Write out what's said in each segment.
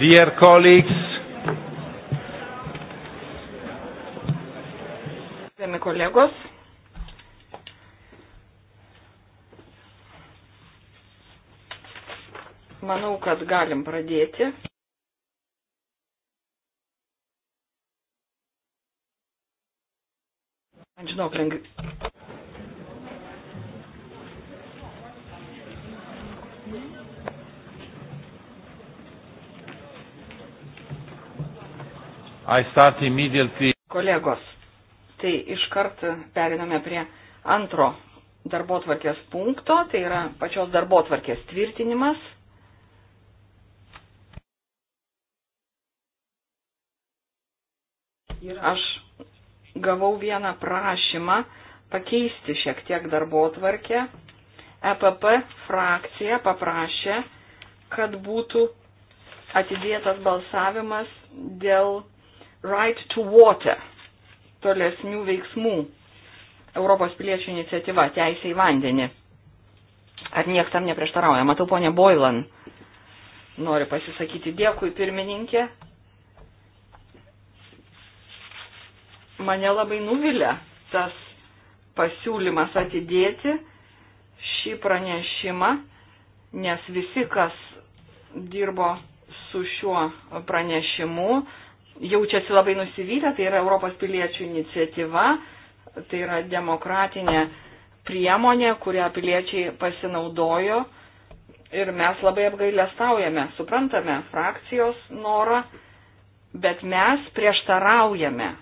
Dear colleagues, Gerbiami kolegos, manau, kad galim pradėti. Man žinau, Immediately... Kolegos, tai iškart periname prie antro darbo tvarkės punkto, tai yra pačios darbo tvarkės tvirtinimas. Ir aš gavau vieną prašymą pakeisti šiek tiek darbo tvarkę. EPP frakcija paprašė, kad būtų atidėtas balsavimas dėl Right to Water tolesnių veiksmų Europos piliečių iniciatyva Teisė į vandenį. Ar niekas tam neprieštarauja? Matau, ponė Boilan nori pasisakyti. Dėkui, pirmininkė. Mane labai nuvilia tas pasiūlymas atidėti šį pranešimą, nes visi, kas dirbo su šiuo pranešimu, jaučiasi labai nusivylę, tai yra Europos piliečių iniciatyva, tai yra demokratinė priemonė, kurią piliečiai pasinaudojo ir mes labai apgailestaujame, suprantame frakcijos norą, bet mes prieštaraujame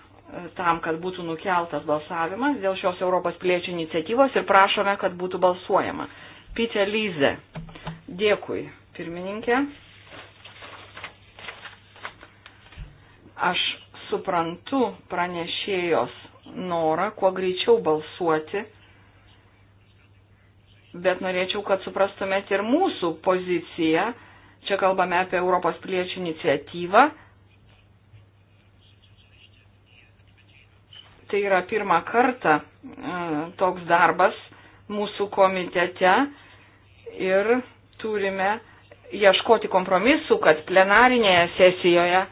tam, kad būtų nukeltas balsavimas dėl šios Europos piliečių iniciatyvos ir prašome, kad būtų balsuojama. Pitė Lyze. Dėkui, pirmininkė. Aš suprantu pranešėjos norą kuo greičiau balsuoti, bet norėčiau, kad suprastumėte ir mūsų poziciją. Čia kalbame apie Europos piliečių iniciatyvą. Tai yra pirmą kartą e, toks darbas mūsų komitete ir turime ieškoti kompromisų, kad plenarinėje sesijoje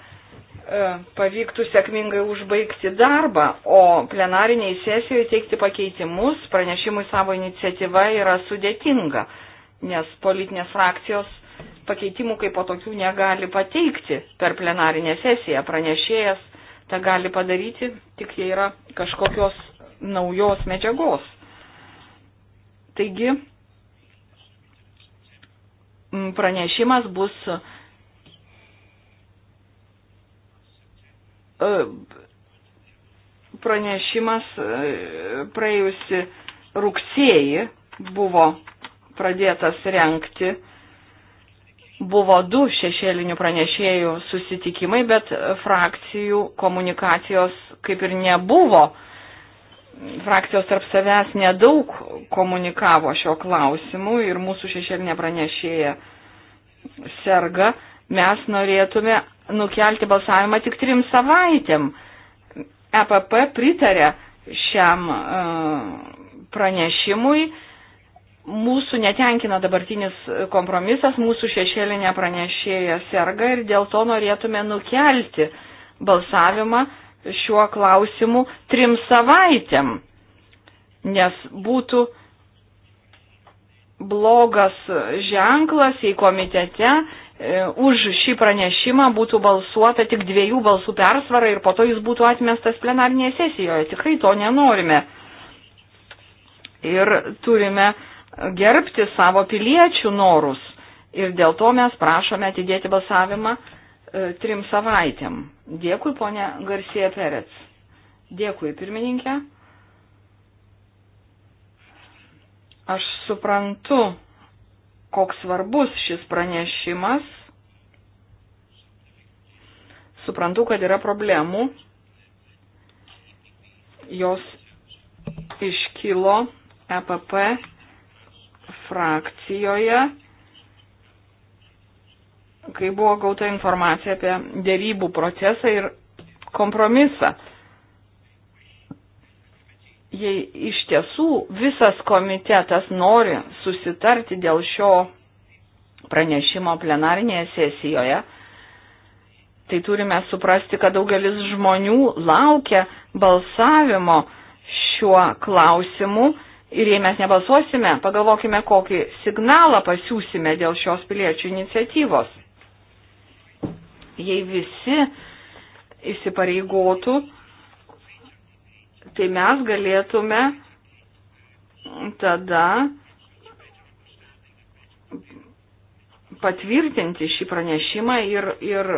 E, pavyktų sėkmingai užbaigti darbą, o plenariniai sesijoje teikti pakeitimus pranešimui savo iniciatyva yra sudėtinga, nes politinės frakcijos pakeitimų kaip po tokių negali pateikti per plenarinę sesiją. Pranešėjas tą gali padaryti, tik jei yra kažkokios naujos medžiagos. Taigi, pranešimas bus uh, E, pranešimas e, praėjusi rugsėjį buvo pradėtas renkti. Buvo du šešėlinių pranešėjų susitikimai, bet frakcijų komunikacijos kaip ir nebuvo. Frakcijos tarp savęs nedaug komunikavo šio klausimu ir mūsų šešėlinė pranešėja serga, mes norėtume nukelti balsavimą tik trim savaitėm. EPP pritarė šiam e, pranešimui. Mūsų netenkina dabartinis kompromisas, mūsų šešėlinė pranešėja serga ir dėl to norėtume nukelti balsavimą šiuo klausimu trim savaitėm, nes būtų blogas ženklas, jei komitete E, už šį pranešimą būtų balsuota tik dviejų balsų persvara ir po to jis būtų atmestas plenarnėje sesijoje. Tikrai to nenorime. Ir turime gerbti savo piliečių norus. Ir dėl to mes prašome atidėti balsavimą e, trim savaitėm. Dėkui, ponė Garcija Perec. Dėkui, pirmininkė. Aš suprantu koks svarbus šis pranešimas. Suprantu, kad yra problemų. Jos iškilo EPP frakcijoje, kai buvo gauta informacija apie dėrybų procesą ir kompromisą jei iš tiesų visas komitetas nori susitarti dėl šio pranešimo plenarinėje sesijoje, tai turime suprasti, kad daugelis žmonių laukia balsavimo šiuo klausimu ir jei mes nebalsuosime, pagalvokime, kokį signalą pasiūsime dėl šios piliečių iniciatyvos. Jei visi įsipareigotų, tai mes galėtume tada patvirtinti šį pranešimą ir, ir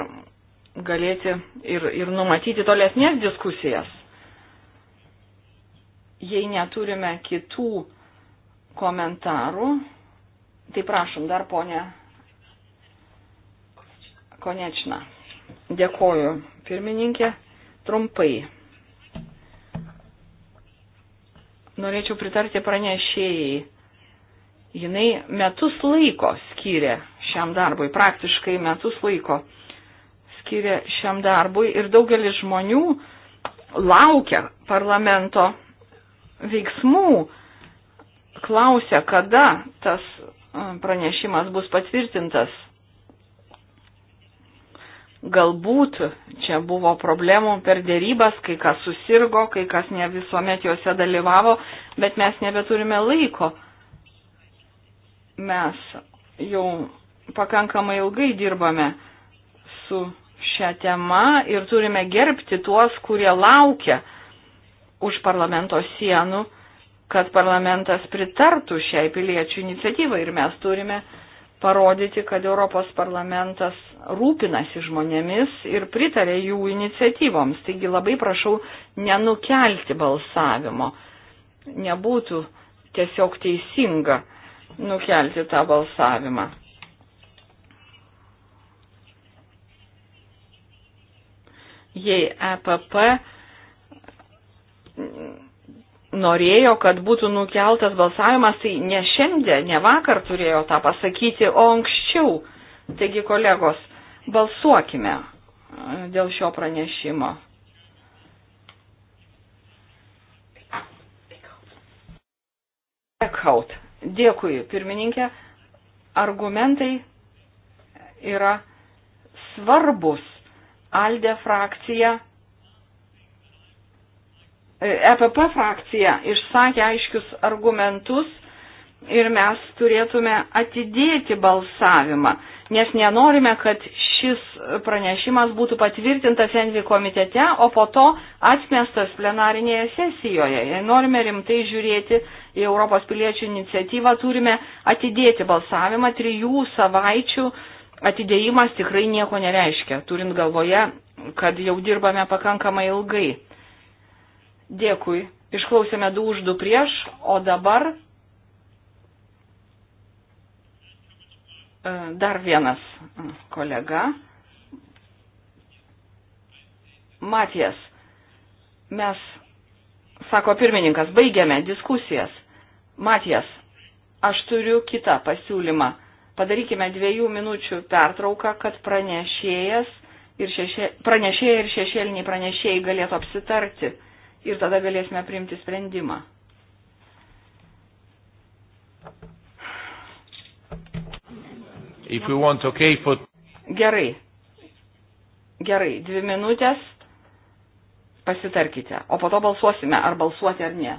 galėti ir, ir numatyti tolesnės diskusijas. Jei neturime kitų komentarų, tai prašom dar ponę Konečną. Dėkoju, pirmininkė, trumpai. norėčiau pritarti pranešėjai. Jinai metus laiko skyrė šiam darbui, praktiškai metus laiko skyrė šiam darbui ir daugelis žmonių laukia parlamento veiksmų, klausia, kada tas um, pranešimas bus patvirtintas Galbūt čia buvo problemų per dėrybas, kai kas susirgo, kai kas ne visuomet juose dalyvavo, bet mes nebeturime laiko. Mes jau pakankamai ilgai dirbame su šią temą ir turime gerbti tuos, kurie laukia už parlamento sienų, kad parlamentas pritartų šiai piliečių iniciatyvai ir mes turime uh, parodyti, kad Europos parlamentas rūpinasi žmonėmis ir pritarė jų iniciatyvoms. Taigi labai prašau nenukelti balsavimo. Nebūtų tiesiog teisinga nukelti tą balsavimą. Jei EPP norėjo, kad būtų nukeltas balsavimas, tai ne šiandien, ne vakar turėjo tą pasakyti, o anksčiau. Taigi, kolegos, balsuokime e, dėl šio pranešimo. Ekaut. Dėkui, pirmininkė. Argumentai yra svarbus. Alde frakcija EPP e frakcija išsakė aiškius argumentus ir mes turėtume atidėti balsavimą, nes nenorime, kad šis pranešimas būtų patvirtintas Envi komitete, o po to atmestas plenarinėje sesijoje. Jei norime rimtai žiūrėti į Europos piliečių iniciatyvą, turime atidėti balsavimą. Trijų savaičių atidėjimas tikrai nieko nereiškia, turint galvoje, kad jau dirbame pakankamai ilgai. Dėkui. Išklausėme du už du prieš, o dabar e, dar vienas kolega. Matijas, mes, sako pirmininkas, baigiame diskusijas. Matijas, aš turiu kitą pasiūlymą. Padarykime dviejų minučių pertrauką, kad pranešėjas ir, šešė, pranešėjai ir šešėliniai pranešėjai galėtų apsitarti ir tada galėsime priimti sprendimą. Want, okay, for... Gerai. Gerai, dvi minutės pasitarkite, o po to balsuosime, ar balsuoti ar ne.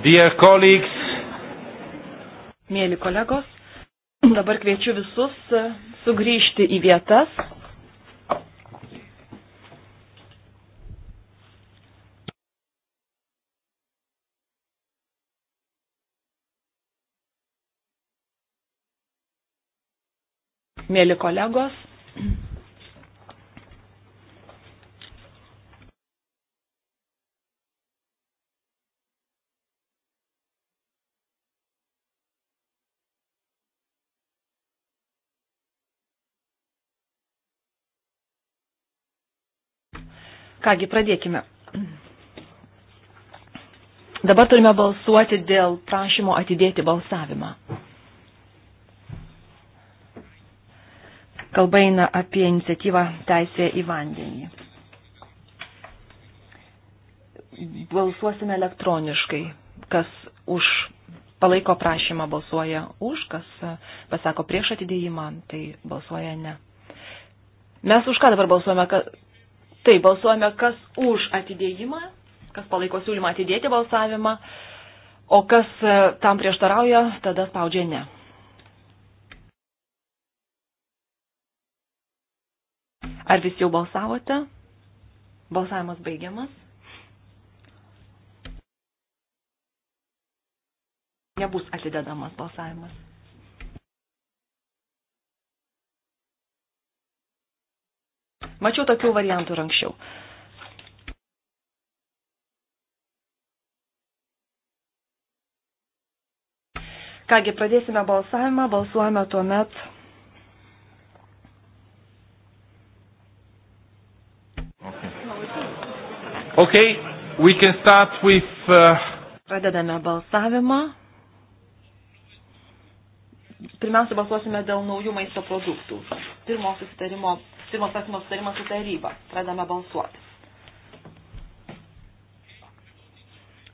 Dear colleagues. Mėly kolegos, dabar kviečiu visus e, sugrįžti į vietas. Mėly kolegos, Kągi, pradėkime. Dabar turime balsuoti dėl prašymo atidėti balsavimą. Kalba eina apie iniciatyvą Teisė į vandenį. Balsuosime elektroniškai. Kas už palaiko prašymą balsuoja už, kas pasako prieš atidėjimą, tai balsuoja ne. Mes už ką dabar balsuojame, Tai balsuojame, kas už atidėjimą, kas palaiko siūlymą atidėti balsavimą, o kas e, tam prieštarauja, tada spaudžia ne. Ar visi jau balsavote? Balsavimas baigiamas. Nebus atidedamas balsavimas. Mačiau tokių variantų ir anksčiau. Kągi, pradėsime balsavimą, balsuojame tuo met. Okay. okay, we can start with... Uh... Pradedame balsavimą. Pirmiausia, balsuosime dėl naujų maisto produktų. Pirmo susitarimo Simo svarstymo sutarimas su taryba. Pradame balsuoti.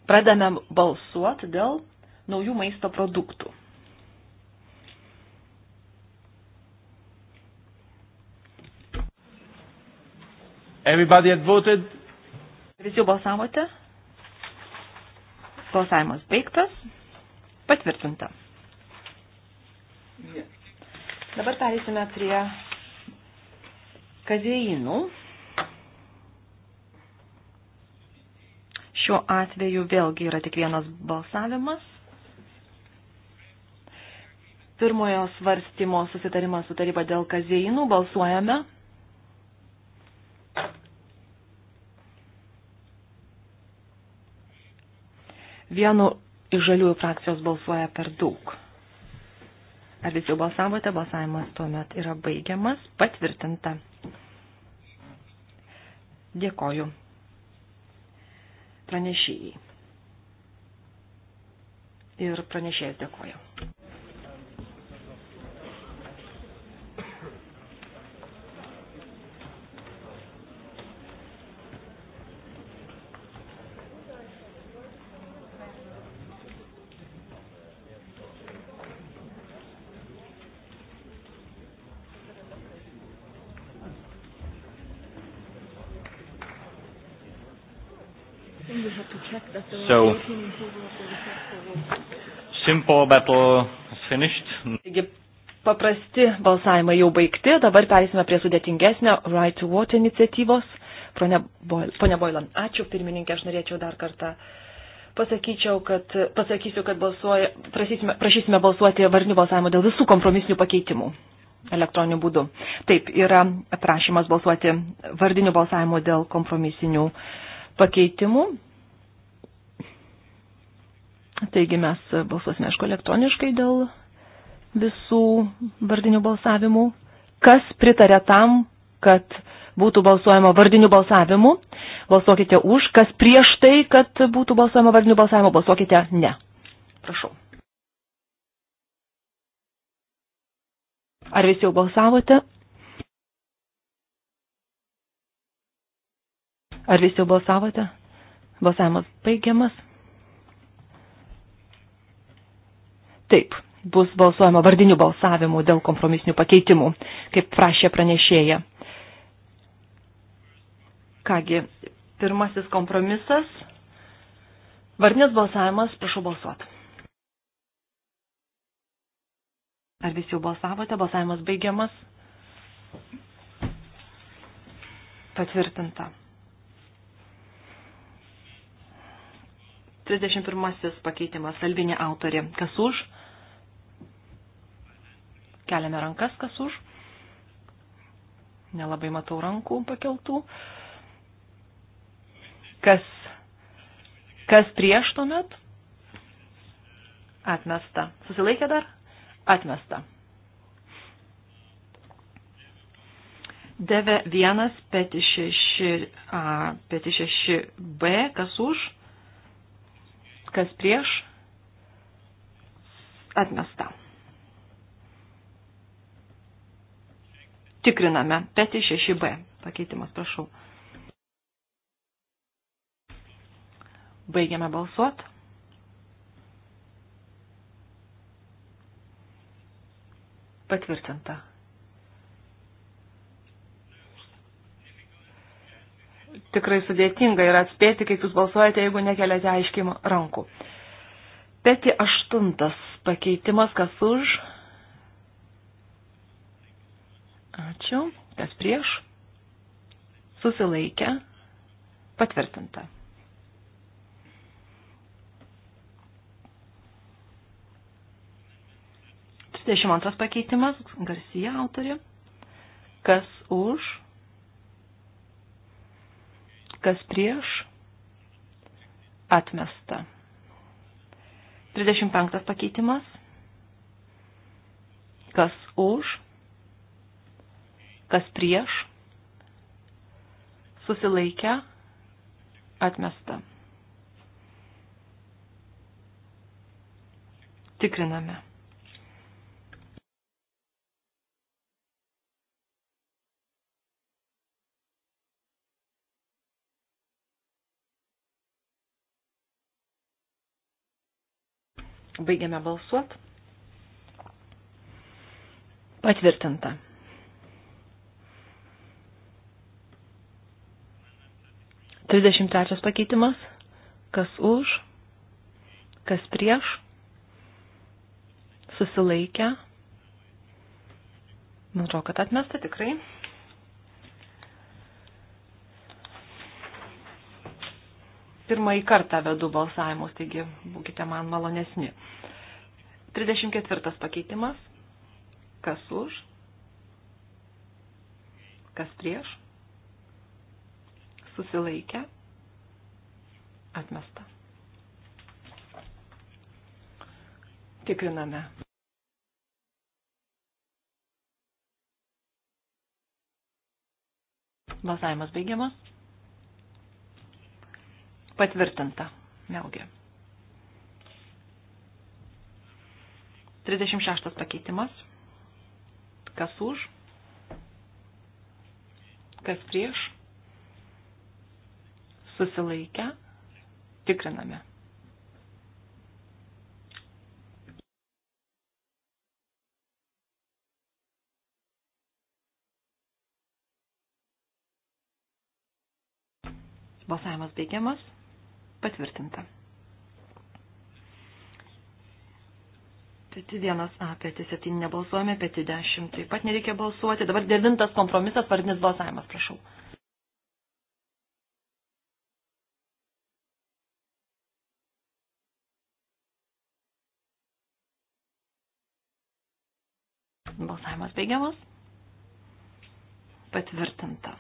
Pradame balsuoti dėl naujų maisto produktų. Everybody had voted. Visi balsavote. Balsavimas baigtas. Patvirtinta. Dabar perėsime prie kazeinu. Šiuo atveju vėlgi yra tik vienas balsavimas. Pirmojo svarstymo susitarimas su taryba dėl kazeinų balsuojame. Vienu iš žaliųjų frakcijos balsuoja per daug. Ar visi jau balsavote? Balsavimas tuomet yra baigiamas. Patvirtinta. Dėkoju pranešėjai. Ir pranešėjas dėkoju. So, simple battle is finished. Taigi, paprasti balsavimai jau baigti, dabar perėsime prie sudėtingesnio Right to Water iniciatyvos. Pone Boilan, ačiū pirmininkė, aš norėčiau dar kartą pasakyčiau, kad, pasakysiu, kad balsuoja, prašysime, prašysime balsuoti varnių balsavimo dėl visų kompromisinių pakeitimų elektroniniu būdu. Taip, yra prašymas balsuoti vardiniu balsavimu dėl kompromisinių pakeitimų. Taigi mes balsuosime, aišku, elektroniškai dėl visų vardinių balsavimų. Kas pritarė tam, kad būtų balsuojama vardiniu balsavimu, balsuokite už. Kas prieš tai, kad būtų balsuojama vardiniu balsavimu, balsuokite ne. Prašau. Ar visi jau balsavote? Ar visi jau balsavote? Balsavimas baigiamas. Taip, bus balsuojama vardinių balsavimų dėl kompromisinių pakeitimų, kaip prašė pranešėja. Kągi, pirmasis kompromisas. Vardinis balsavimas, prašau balsuoti. Ar visi jau balsavote? Balsavimas baigiamas. Patvirtinta. 31 pakeitimas, salvinė autorė. Kas už? Keliame rankas, kas už. Nelabai matau rankų pakeltų. Kas, kas prieš tuomet? Atmesta. Susilaikė dar? Atmesta. Deve 1, peti 6, a, peti 6 B, kas už, kas prieš, atmesta. tikriname. Peti 6b. Pakeitimas, prašau. Baigiame balsuot. Patvirtinta. Tikrai sudėtinga yra atspėti, kaip jūs balsuojate, jeigu nekeliate aiškiai rankų. Peti aštuntas pakeitimas, kas už, Ačiū. Kas prieš? Susilaikę. Patvirtinta. Dvidešimt antras pakeitimas, Garcija autorė. Kas už? Kas prieš? Atmesta. 35 pakeitimas. Kas už? kas prieš, susilaikę, atmesta. Tikriname. Baigiame balsuot. Patvirtinta. 33 pakeitimas. Kas už, kas prieš, susilaikę. Man atrodo, kad atmesta tikrai. Pirmąjį kartą vedu balsavimus, taigi būkite man malonesni. 34 pakeitimas. Kas už, kas prieš, susilaikę, atmesta. Tikriname. Balsavimas baigiamas. Patvirtinta. Neaugia. 36 pakeitimas. Kas už? Kas prieš? susilaikę, tikriname. Balsavimas baigiamas. Patvirtinta. 51 A, peti 7 nebalsuojame, peti 10 taip pat nereikia balsuoti. Dabar devintas kompromisas, vardinis balsavimas, prašau. Balsavimas baigiamas. Patvirtinta.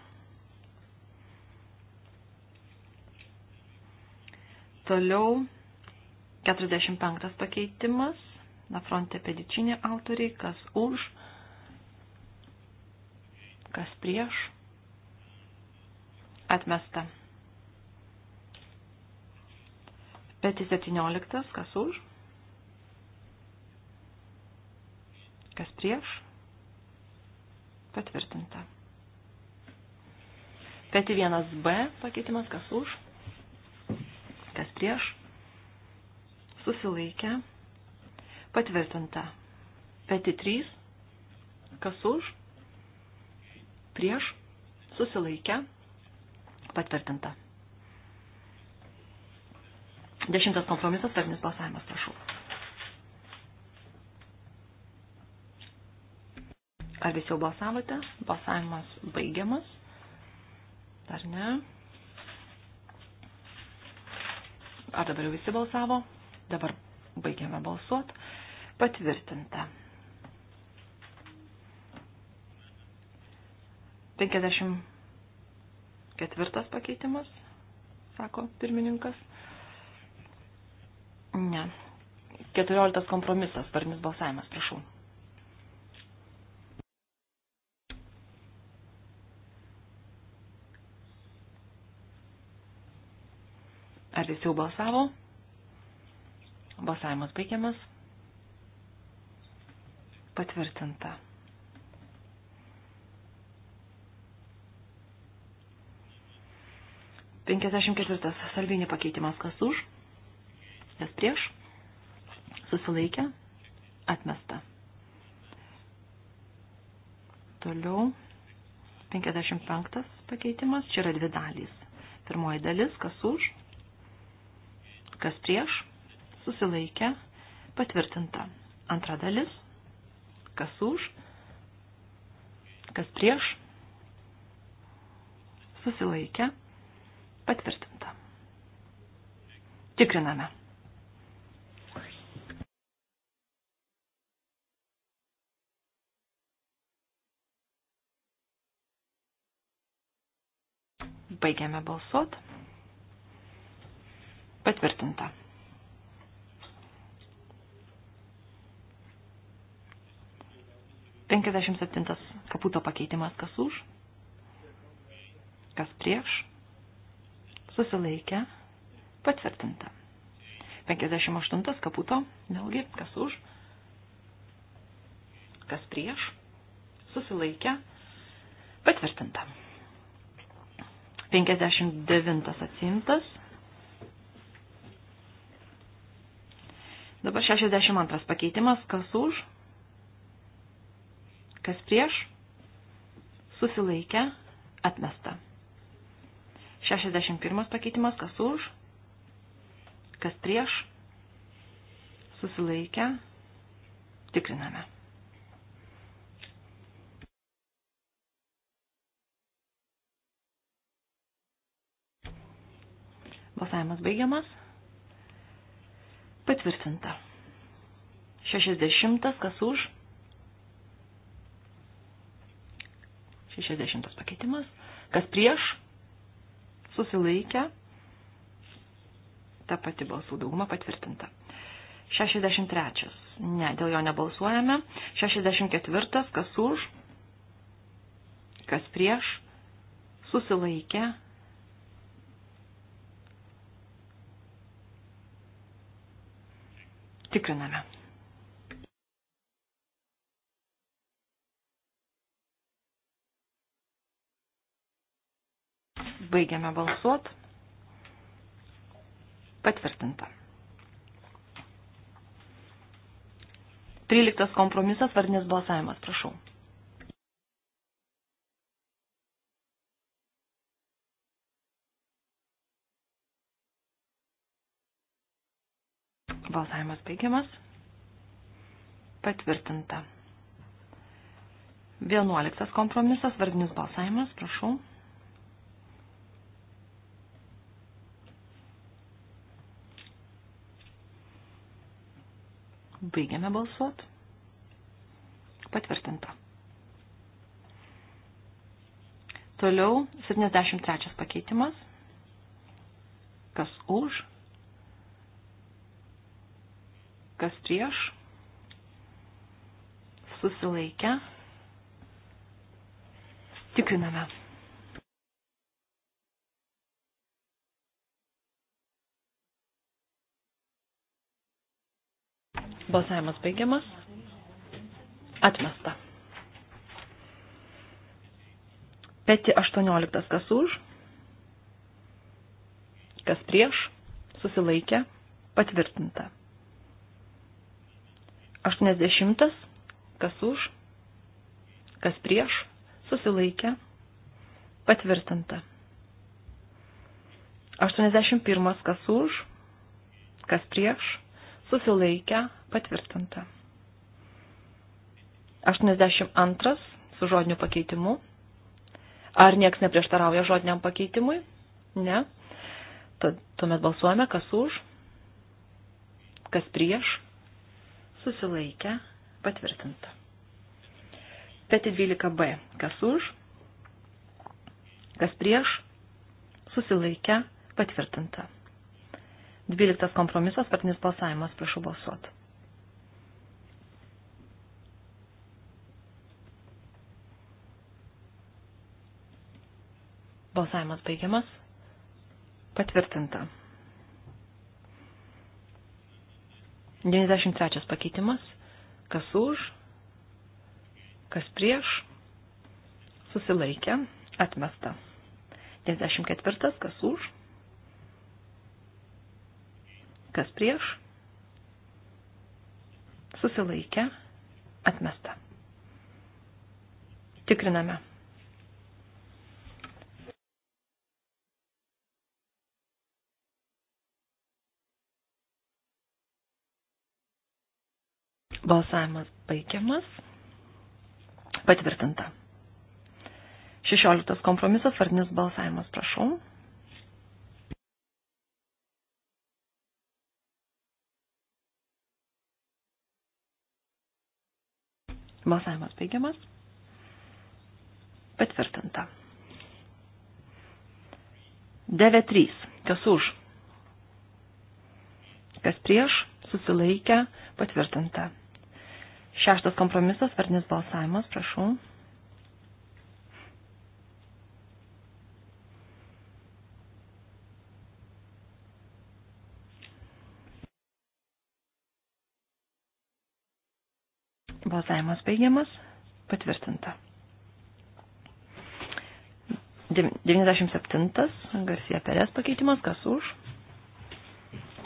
Toliau 45 pakeitimas. Na fronte pedičinė autoriai, kas už, kas prieš. Atmesta. Peti 17, kas už, kas prieš. Patvirtinta. Peti 1b pakeitimas, kas už, kas prieš, susilaikę, patvirtinta. Peti 3, kas už, prieš, susilaikę, patvirtinta. Dešimtas kompromisas, tarnis balsavimas, prašau. Ar visi jau balsavote? Balsavimas baigiamas. Ar ne? Ar dabar jau visi balsavo? Dabar baigiame balsuot. Patvirtinta. 54 pakeitimas, sako pirmininkas. Ne. 14 kompromisas, varnis balsavimas, prašau. Ar visi jau balsavo? Balsavimas baigiamas. Patvirtinta. Penkiasdešimt ketvirtas salvinį pakeitimas kas už, kas prieš, susilaikė, atmesta. Toliau 55 pakeitimas, čia yra dvi dalys. Pirmoji dalis, kas už, kas prieš, susilaikė, patvirtinta. Antra dalis, kas už, kas prieš, susilaikė, patvirtinta. Tikriname. Baigiame balsuoti. Patvirtinta. Penkiasdešimt septintas kaputo pakeitimas kas už, kas prieš, susilaikę, patvirtinta. 58 kaputo, vėlgi, kas už, kas prieš, susilaikę, patvirtinta. 59 atsimtas, Dabar 62 pakeitimas, kas už, kas prieš, susilaikę, atmesta. 61 pakeitimas, kas už, kas prieš, susilaikę, tikriname. Balsavimas baigiamas. Patvirtinta. 60 kas už. 60 pakeitimas. Kas prieš. Susilaikę. Ta pati balsų dauguma patvirtinta. 63. Ne, dėl jo nebalsuojame. 64. Kas už. Kas prieš. Susilaikę Tikriname. Baigiame balsuot. Patvirtinta. 13 kompromisas, vardinis balsavimas, prašau. Balsavimas baigiamas. Patvirtinta. Vienuoliktas kompromisas, vardinis balsavimas, prašau. Baigiame balsuot. Patvirtinta. Toliau 73 pakeitimas. Kas už? kas prieš, susilaikę, tikriname. Balsavimas baigiamas. Atmesta. Peti 18 kas už, kas prieš, susilaikė, patvirtinta. 80. Kas už, kas prieš, susilaikė, patvirtinta. 81. Kas už, kas prieš, susilaikė, patvirtinta. 82. Su žodiniu pakeitimu. Ar nieks neprieštarauja žodiniam pakeitimui? Ne. Tuomet balsuojame, kas už, kas prieš, susilaikę, patvirtinta. Peti 12b, kas už, kas prieš, susilaikę, patvirtinta. 12 kompromisas, partinis balsavimas, prašau balsuoti. Balsavimas baigiamas. Patvirtinta. 93 pakeitimas. Kas už, kas prieš, susilaikė, atmesta. 94 kas už, kas prieš, susilaikė, atmesta. Tikriname. Balsavimas baigiamas. Patvirtinta. 16 kompromisas, vardinis balsavimas, prašau. Balsavimas baigiamas. Patvirtinta. 9.3. Kas už? Kas prieš? Susilaikę. Patvirtinta. Šeštas kompromisas, vardinis balsavimas, prašau. Balsavimas baigiamas, patvirtinta. 97. Garcia Perės pakeitimas, kas už,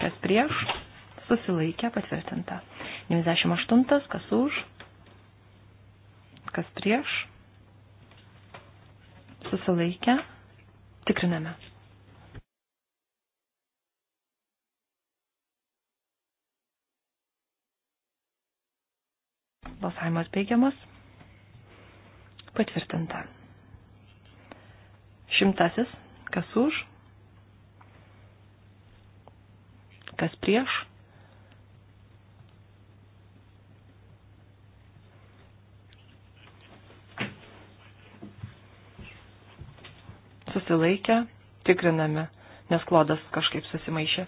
kas prieš susilaikė patvirtinta. 98, kas už, kas prieš, susilaikė, tikriname. Balsavimas baigiamas. Patvirtinta. Šimtasis, kas už, kas prieš, susilaikę, tikriname, nes klodas kažkaip susimaišė.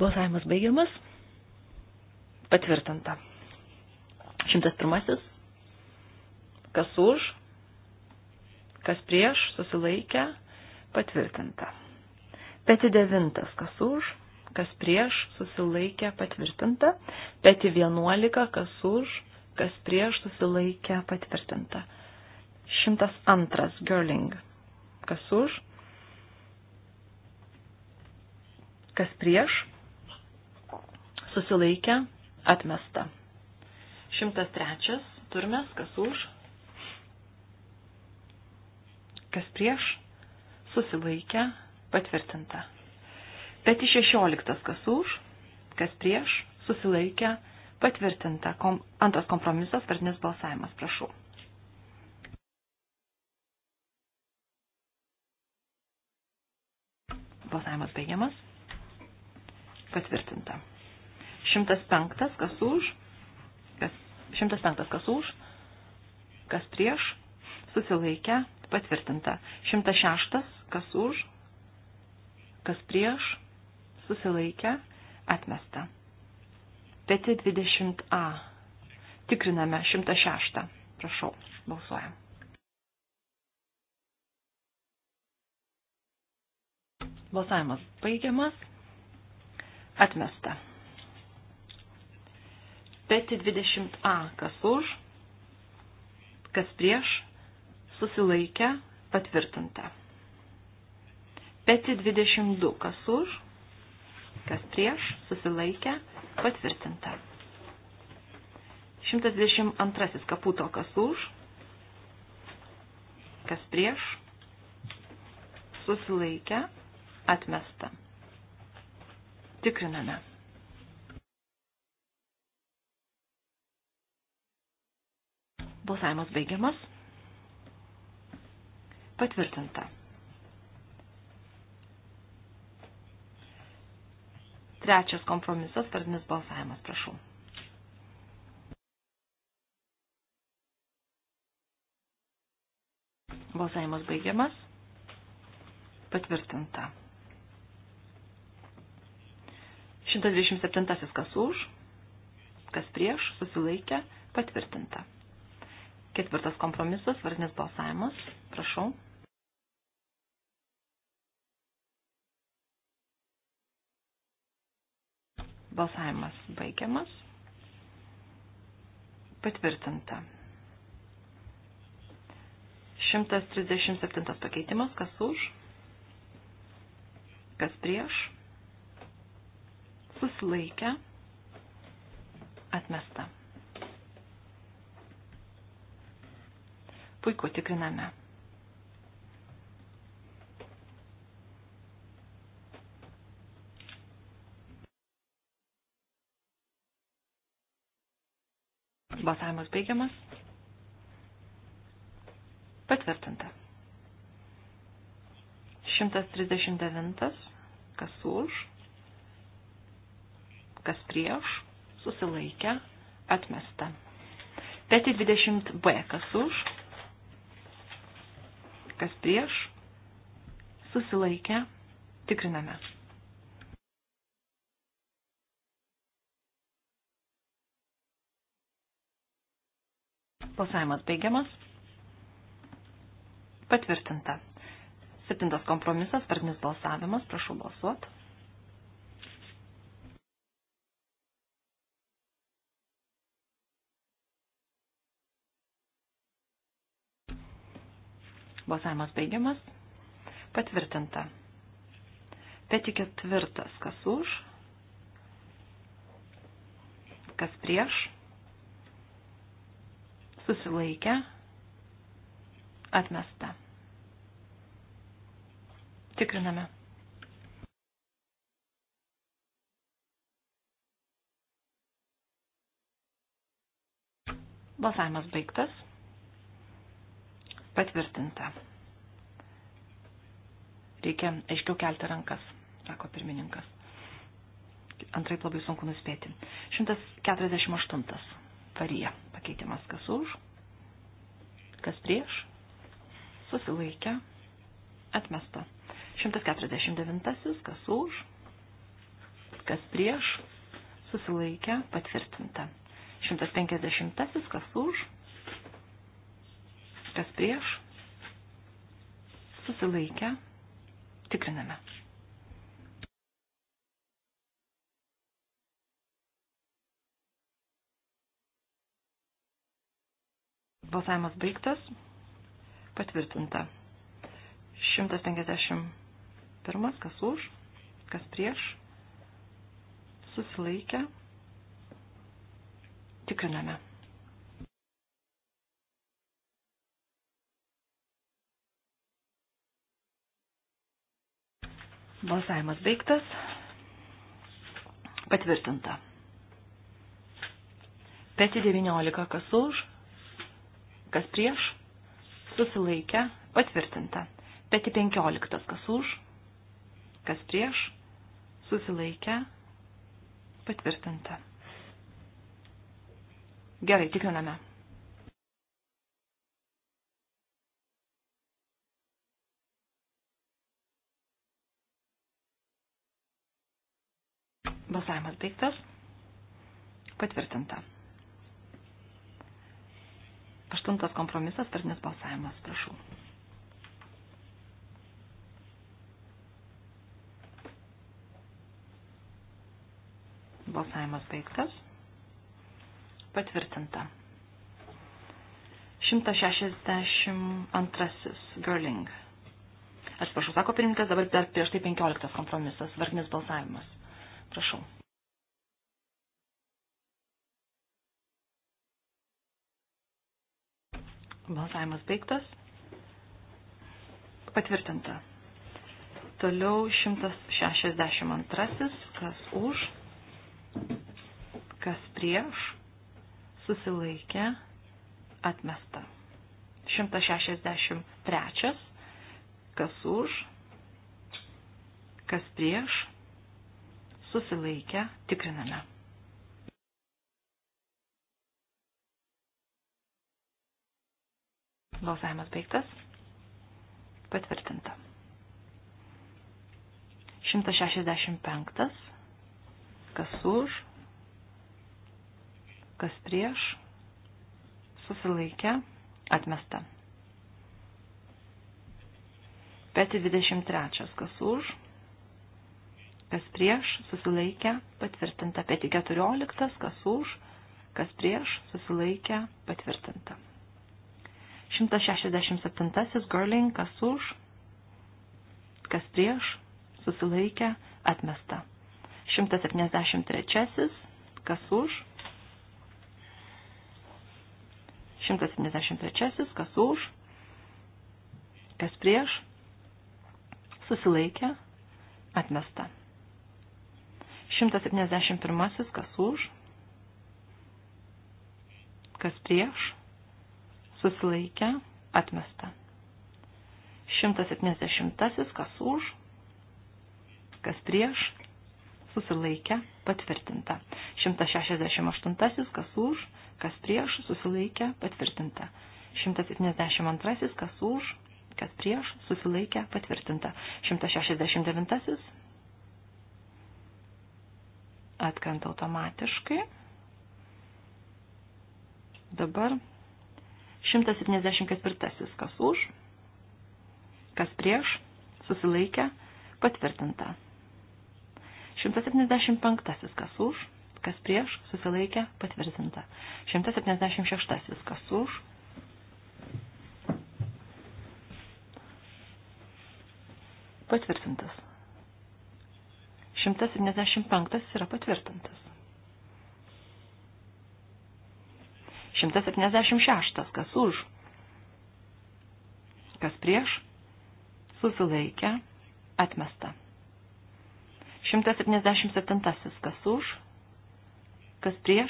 Balsavimas baigiamas. Patvirtinta. 101. Kas už, kas prieš, susilaikę, patvirtinta. 59. Kas už, kas prieš, susilaikė patvirtinta, peti 11, kas už, kas prieš, susilaikė patvirtinta. 102, Gerling, kas už, kas prieš, susilaikė atmesta. 103, turmes, kas už, kas prieš, susilaikė patvirtinta. Peti 16, kas už, kas prieš, susilaikę, patvirtinta. Kom, antras kompromisas, vardinis balsavimas, prašau. Balsavimas baigiamas. Patvirtinta. 105, kas už, kas, 105, kas už, kas prieš, susilaikę, patvirtinta. 106, kas už, kas prieš, susilaikę, atmesta. Peti 20a. Tikriname 106. Prašau, balsuojam. Balsavimas baigiamas. Atmesta. Peti 20a. Kas už? Kas prieš? Susilaikę, patvirtinta. Peti 22. Kas už? kas prieš, susilaikę, patvirtinta. 122 kaputo, kas už, kas prieš, susilaikę, atmesta. Tikriname. Balsavimas baigiamas. Patvirtinta. Trečias kompromisas, vardinis balsavimas, prašau. Balsavimas baigiamas. Patvirtinta. 127 kas už, kas prieš, susilaikė, patvirtinta. Ketvirtas kompromisas, vardinis balsavimas, prašau. Balsavimas baigiamas. Patvirtinta. 137 pakeitimas, kas už, kas prieš, susilaikę, atmesta. Puiku, tikriname. Balsavimas baigiamas. Patvirtinta. 139. Kas už, kas prieš, susilaikę, atmesta. Peti 20b. Kas už, kas prieš, susilaikę, tikriname. Balsavimas baigiamas. Patvirtinta. Septintas kompromisas, vardinis balsavimas, prašau balsuot. Balsavimas baigiamas. Patvirtinta. Peti ketvirtas, kas už, kas prieš susilaikę, atmesta. Tikriname. Balsavimas baigtas. Patvirtinta. Reikia aiškiau kelti rankas, sako pirmininkas. Antraip labai sunku nuspėti. 148. Varija pakeitimas kas už, kas prieš, susilaikę, atmesta. 149 kas už, kas prieš, susilaikę, patvirtinta. 150 kas už, kas prieš, susilaikę, tikriname. Balsavimas baigtas. Patvirtinta. 151. Kas už, kas prieš. Susilaikę. Tikriname. Balsavimas baigtas. Patvirtinta. Peti 19. Kas už, kas prieš, susilaikė, patvirtinta. Peti 15, kas už, kas prieš, susilaikė, patvirtinta. Gerai, tikriname. Balsavimas baigtas. Patvirtinta. Aštuntas kompromisas, tarpinis balsavimas, prašau. Balsavimas baigtas. Patvirtinta. 162 Girling. Atsiprašau, sako pirmininkas, dabar dar prieš tai 15 kompromisas, vardinis balsavimas. Prašau. Balsavimas baigtas. Patvirtinta. Toliau 162, kas už, kas prieš, susilaikė, atmesta. 163, kas už, kas prieš, susilaikę, tikriname. Balsavimas baigtas. Patvirtinta. 165. Kas už, kas prieš, susilaikė, atmesta. Peti 23. Kas už, kas prieš, susilaikė, patvirtinta. Peti 14. Kas už, kas prieš, susilaikė, patvirtinta. 167 Girling, kas už, kas prieš, susilaikė, atmesta. 173 kas už, 173 kas už, kas prieš, susilaikė, atmesta. 171 kas už, kas prieš, susilaikę, atmesta. 170 kas už, kas prieš, susilaikę, patvirtinta. 168 kas už, kas prieš, susilaikę, patvirtinta. 172 kas už, kas prieš, susilaikę, patvirtinta. 169 atkanta automatiškai. Dabar 174. Kas už, kas prieš, susilaikė, patvirtinta. 175. Kas už, kas prieš, susilaikė, patvirtinta. 176. Kas už. Patvirtintas. 175 yra patvirtintas. 176. Kas už? Kas prieš? Susilaikę. Atmesta. 177. Kas už? Kas prieš?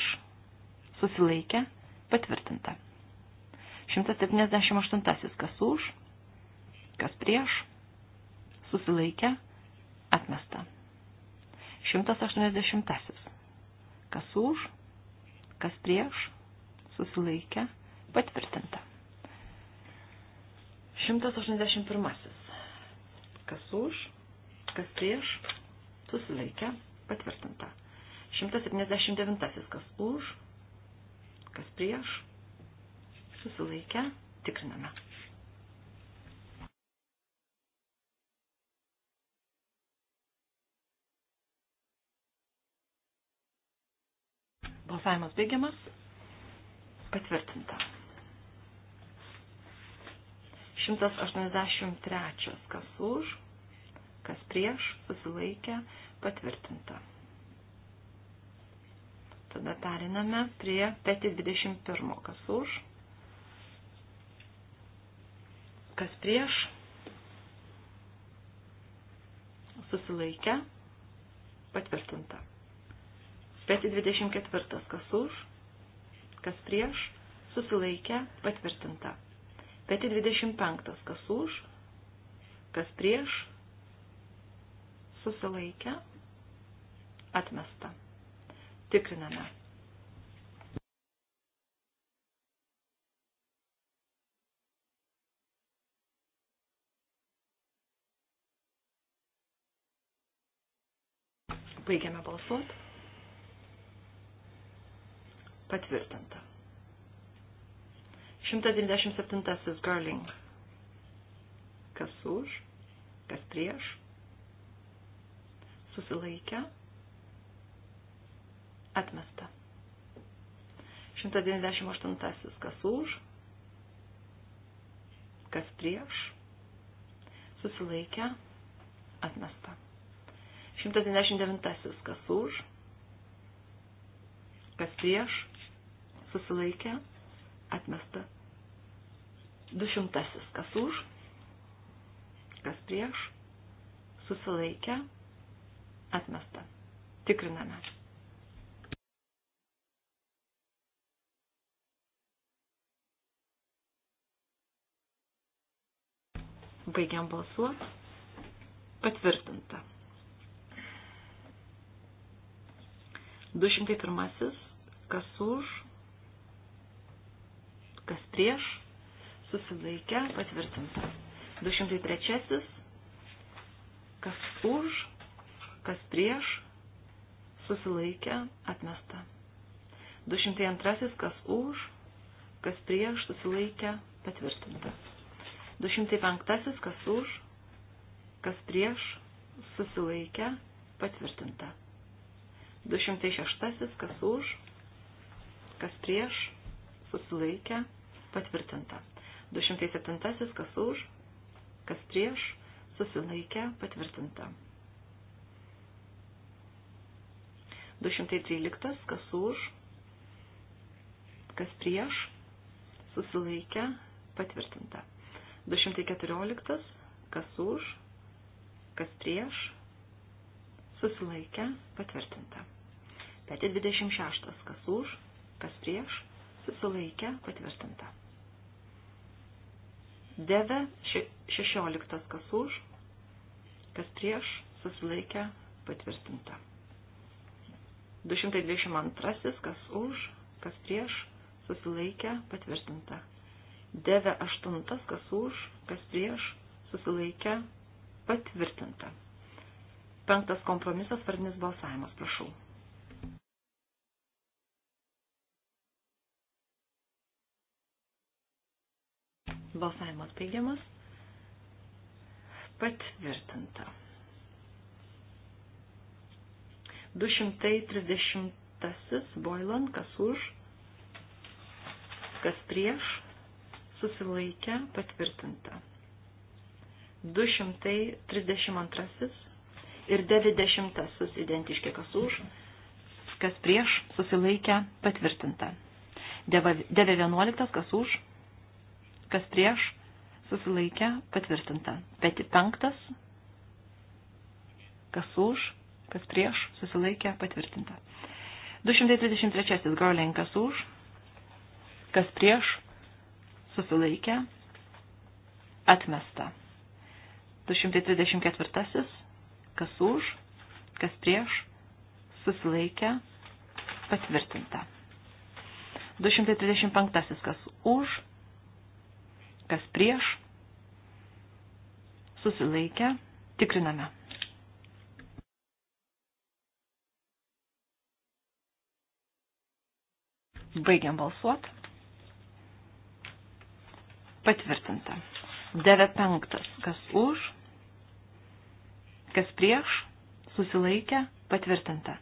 Susilaikę. Patvirtinta. 178. Kas už? Kas prieš? Susilaikę. Atmesta. 180. Kas už? Kas prieš? susilaikė, patvirtinta. 181. Kas už, kas prieš, susilaikė, patvirtinta. 179. Kas už, kas prieš, susilaikė, tikriname. Balsavimas baigiamas. Patvirtinta. 183. Kas už, kas prieš, susilaikė, patvirtinta. Tada periname prie peti 21. Kas už, kas prieš, susilaikė, patvirtinta. Peti 24. Kas už, kas prieš, susilaikė, patvirtinta. Peti 25, kas už, kas prieš, susilaikė, atmesta. Tikriname. Baigiame balsuoti. Patvirtinta. 197 Garling. Kas už, kas prieš, susilaikę, atmesta. 198 kas už, kas prieš, susilaikę, atmesta. 199 kas už, kas prieš, susilaikė, atmesta. Dušimtasis, kas už, kas prieš, susilaikė, atmesta. Tikriname. Baigiam balsuoti. Patvirtinta. 201. Kas už, kas prieš, susilaikė, patvirtinta. 203. Kas už, kas prieš, susilaikė, atmesta. 202. Kas už, kas prieš, susilaikė, patvirtinta. 205. Kas už, kas prieš, susilaikė, patvirtinta. 206. Kas už, kas prieš, susilaikė, patvirtinta. 207 kas už, kas prieš, susilaikę, patvirtinta. 213 kas už, kas prieš, susilaikę, patvirtinta. 214 kas už, kas prieš, susilaikę, patvirtinta. 526 kas už, kas prieš, susilaikę, patvirtinta. Deve 16 kas už, kas prieš, susilaikę, patvirtinta. 222 kas už, kas prieš, susilaikę, patvirtinta. Deve 8 kas už, kas prieš, susilaikę, patvirtinta. Penktas kompromisas, vardinis balsavimas, prašau. Balsavimas baigiamas. Patvirtinta. 230 Boilan, kas už, kas prieš, susilaikę, patvirtinta. 232 ir 90 identiški, kas už, kas prieš, susilaikę, patvirtinta. 911, kas už, kas prieš, susilaikė, patvirtinta. Peti penktas, kas už, kas prieš, susilaikė, patvirtinta. 233 Grolin, kas už, kas prieš, susilaikė, atmesta. 234 kas už, kas prieš, susilaikė, patvirtinta. 235 kas už, kas prieš, susilaikę, tikriname. Baigiam balsuot. Patvirtinta. 9.5. Kas už, kas prieš, susilaikę, patvirtinta.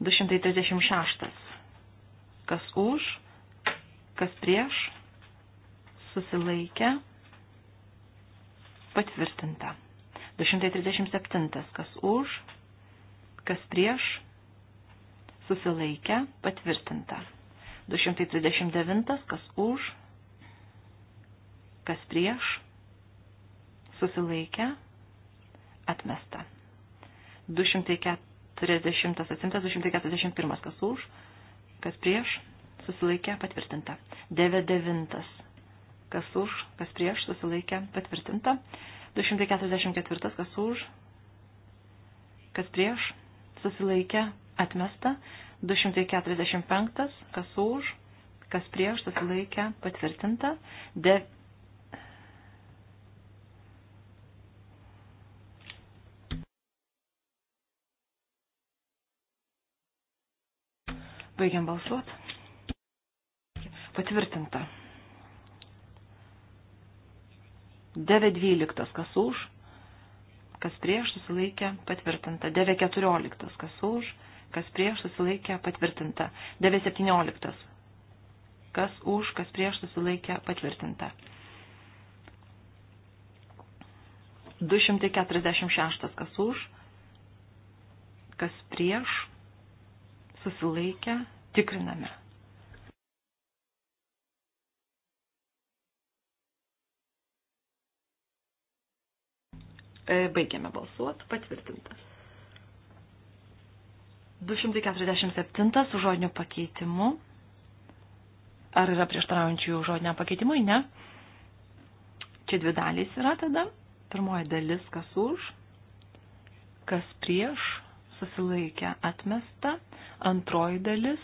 236. Kas už, kas prieš, susilaikę, patvirtinta. 237. Kas už, kas prieš, susilaikę, patvirtinta. 239. Kas už, kas prieš, susilaikę, atmesta. 247, 241. Kas už, kas prieš, susilaikę, patvirtinta. 99 kas už, kas prieš, susilaikė, patvirtinta. 244, kas už, kas prieš, susilaikė, atmesta. 245, kas už, kas prieš, susilaikė, patvirtinta. De... Baigiam balsuoti. Patvirtinta. 9.12. Kas už, kas prieš susilaikė patvirtinta. 9.14. Kas už, kas prieš susilaikė patvirtinta. 9.17. Kas už, kas prieš susilaikė patvirtinta. 246. Kas už, kas prieš susilaikė tikriname. E, baigiame balsuoti. Patvirtintas. 247 su žodiniu pakeitimu. Ar yra prieštaraujančių žodiniam pakeitimui? Ne. Čia dvi dalys yra tada. Pirmoji dalis, kas už, kas prieš, susilaikę atmesta. Antroji dalis,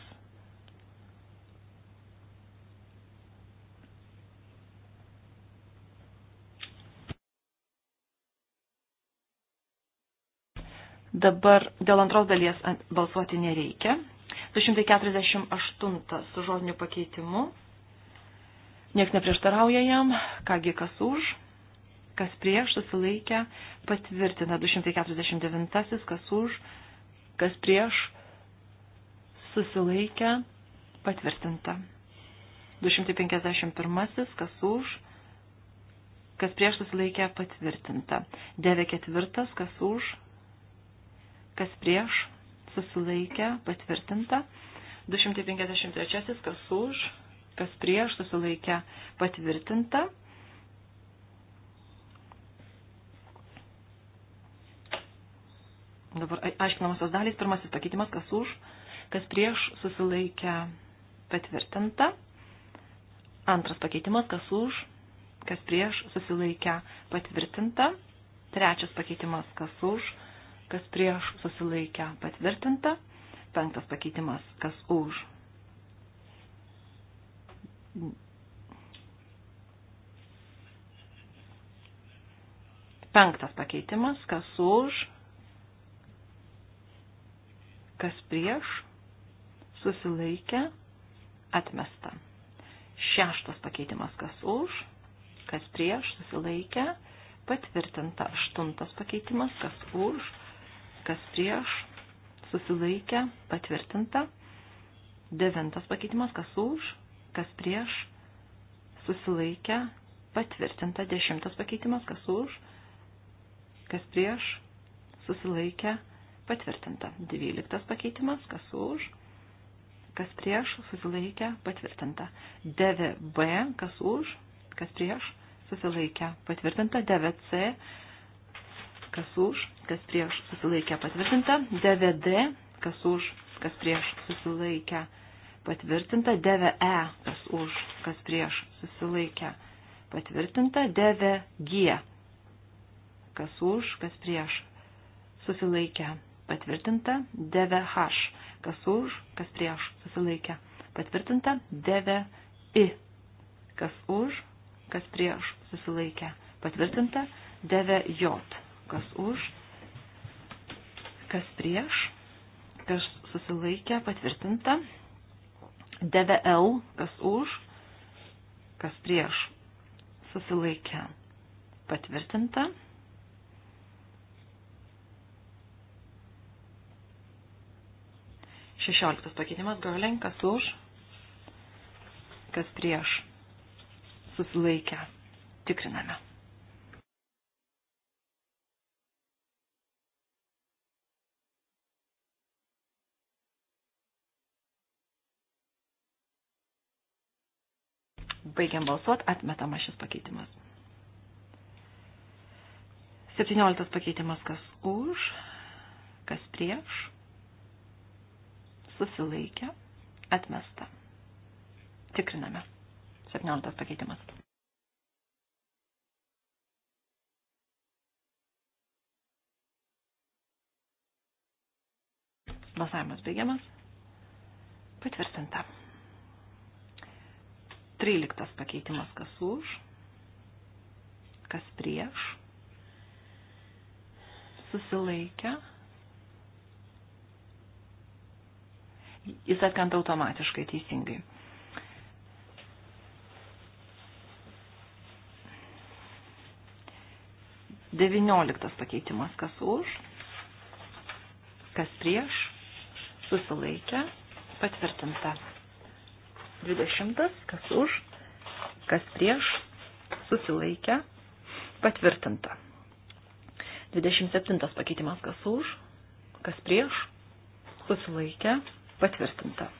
Dabar dėl antros dalies balsuoti nereikia. 248 su žodiniu pakeitimu. Niekas neprieštarauja jam. Kągi kas už, kas prieš susilaikę patvirtina. 249 kas už, kas prieš susilaikę patvirtinta. 251 kas už, kas prieš susilaikę patvirtinta. 9 ketvirtas kas už, kas prieš, susilaikė, patvirtinta. 253, kas už, kas prieš, susilaikė, patvirtinta. Dabar aiškinamosios dalys, pirmasis pakeitimas, kas už, kas prieš, susilaikė, patvirtinta. Antras pakeitimas, kas už, kas prieš, susilaikę, patvirtinta. Trečias pakeitimas, kas už, kas prieš susilaikę patvirtinta, penktas pakeitimas, kas už. Penktas pakeitimas, kas už, kas prieš, susilaikę, atmesta. Šeštas pakeitimas, kas už, kas prieš, susilaikę, patvirtinta. Aštuntas pakeitimas, kas už, kas prieš, susilaikė, patvirtinta. Devintas pakeitimas, kas už, kas prieš, susilaikė, patvirtinta. Dešimtas pakeitimas, kas už, kas prieš, susilaikė, patvirtinta. Dvyliktas pakeitimas, kas už, kas prieš, susilaikė, patvirtinta. DVB, kas už, kas prieš, susilaikė, patvirtinta. DVC, kas už, kas prieš susilaikę patvirtinta, DVD, kas už, kas prieš susilaikę patvirtinta, DVE, kas už, kas prieš susilaikę patvirtinta, DVG, kas už, kas prieš susilaikę patvirtinta, DVH, kas už, kas prieš susilaikę patvirtinta, DVI, kas už, kas prieš susilaikę patvirtinta, DVJ, kas už, kas prieš, kas susilaikė, patvirtinta. DVL, kas už, kas prieš, susilaikė, patvirtinta. Šešioliktas pakeitimas, Garlen, kas už, kas prieš, susilaikę, tikriname. Baigiam balsuot, atmetama šis pakeitimas. 17 pakeitimas kas už, kas prieš, susilaikė, atmesta. Tikriname. 17 pakeitimas. Balsavimas baigiamas. Patvirtinta. 13 pakeitimas kas už, kas prieš, susilaikę. Jis atkanta automatiškai teisingai. Devynioliktas pakeitimas kas už, kas prieš, susilaikę, patvirtinta. 20. Kas už, kas prieš, susilaikę, patvirtinta. 27. Pakeitimas kas už, kas prieš, susilaikę, patvirtinta.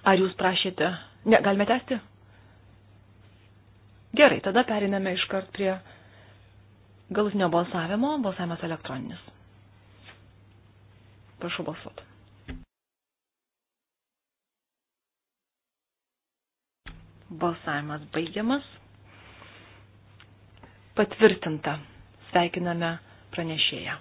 Ar jūs prašėte? Ne, galime tęsti? Gerai, tada periname iškart prie galutinio balsavimo, balsavimas elektroninis. Prašau balsuoti. Balsavimas baigiamas. Patvirtinta. Sveikiname pranešėją.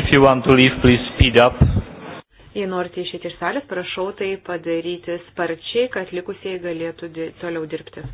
If you want to leave, please speed up. Jei norite išėti iš salės, prašau tai padaryti sparčiai, kad likusieji galėtų di toliau dirbti.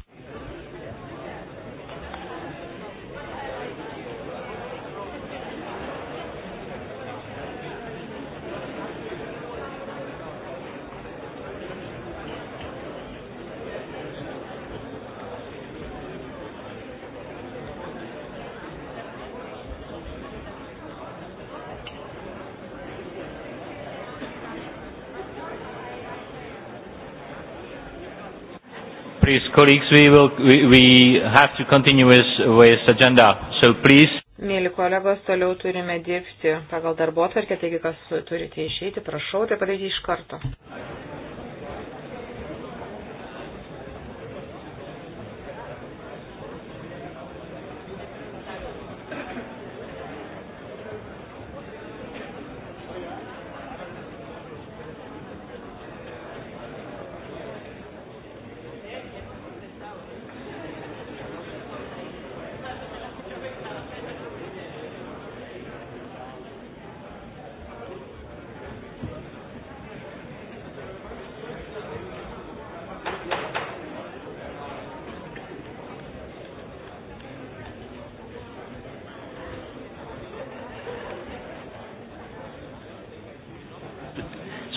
Colleagues, we, will, we, we have to continue with, with agenda. So please. Mėly kolegos, toliau turime dirbti pagal darbo atverkę, taigi kas turite išeiti, prašau, tai padaryti iš karto.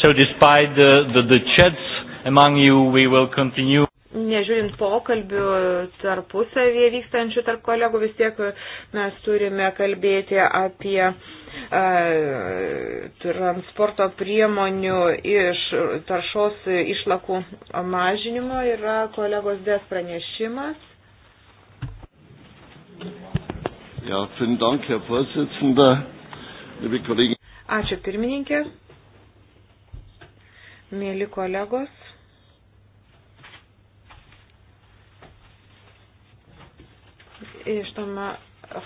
So despite the, the, the chats among you, we will continue. Nežiūrint pokalbių tarpusavėje vykstančių tarp kolegų, vis tiek mes turime kalbėti apie e, transporto priemonių iš taršos išlakų mažinimo. Yra kolegos Des pranešimas. Ja, vielen Dank, Herr Vorsitzender, liebe Kollegen. Ačiū pirmininkė. Mėly kolegos, iš toma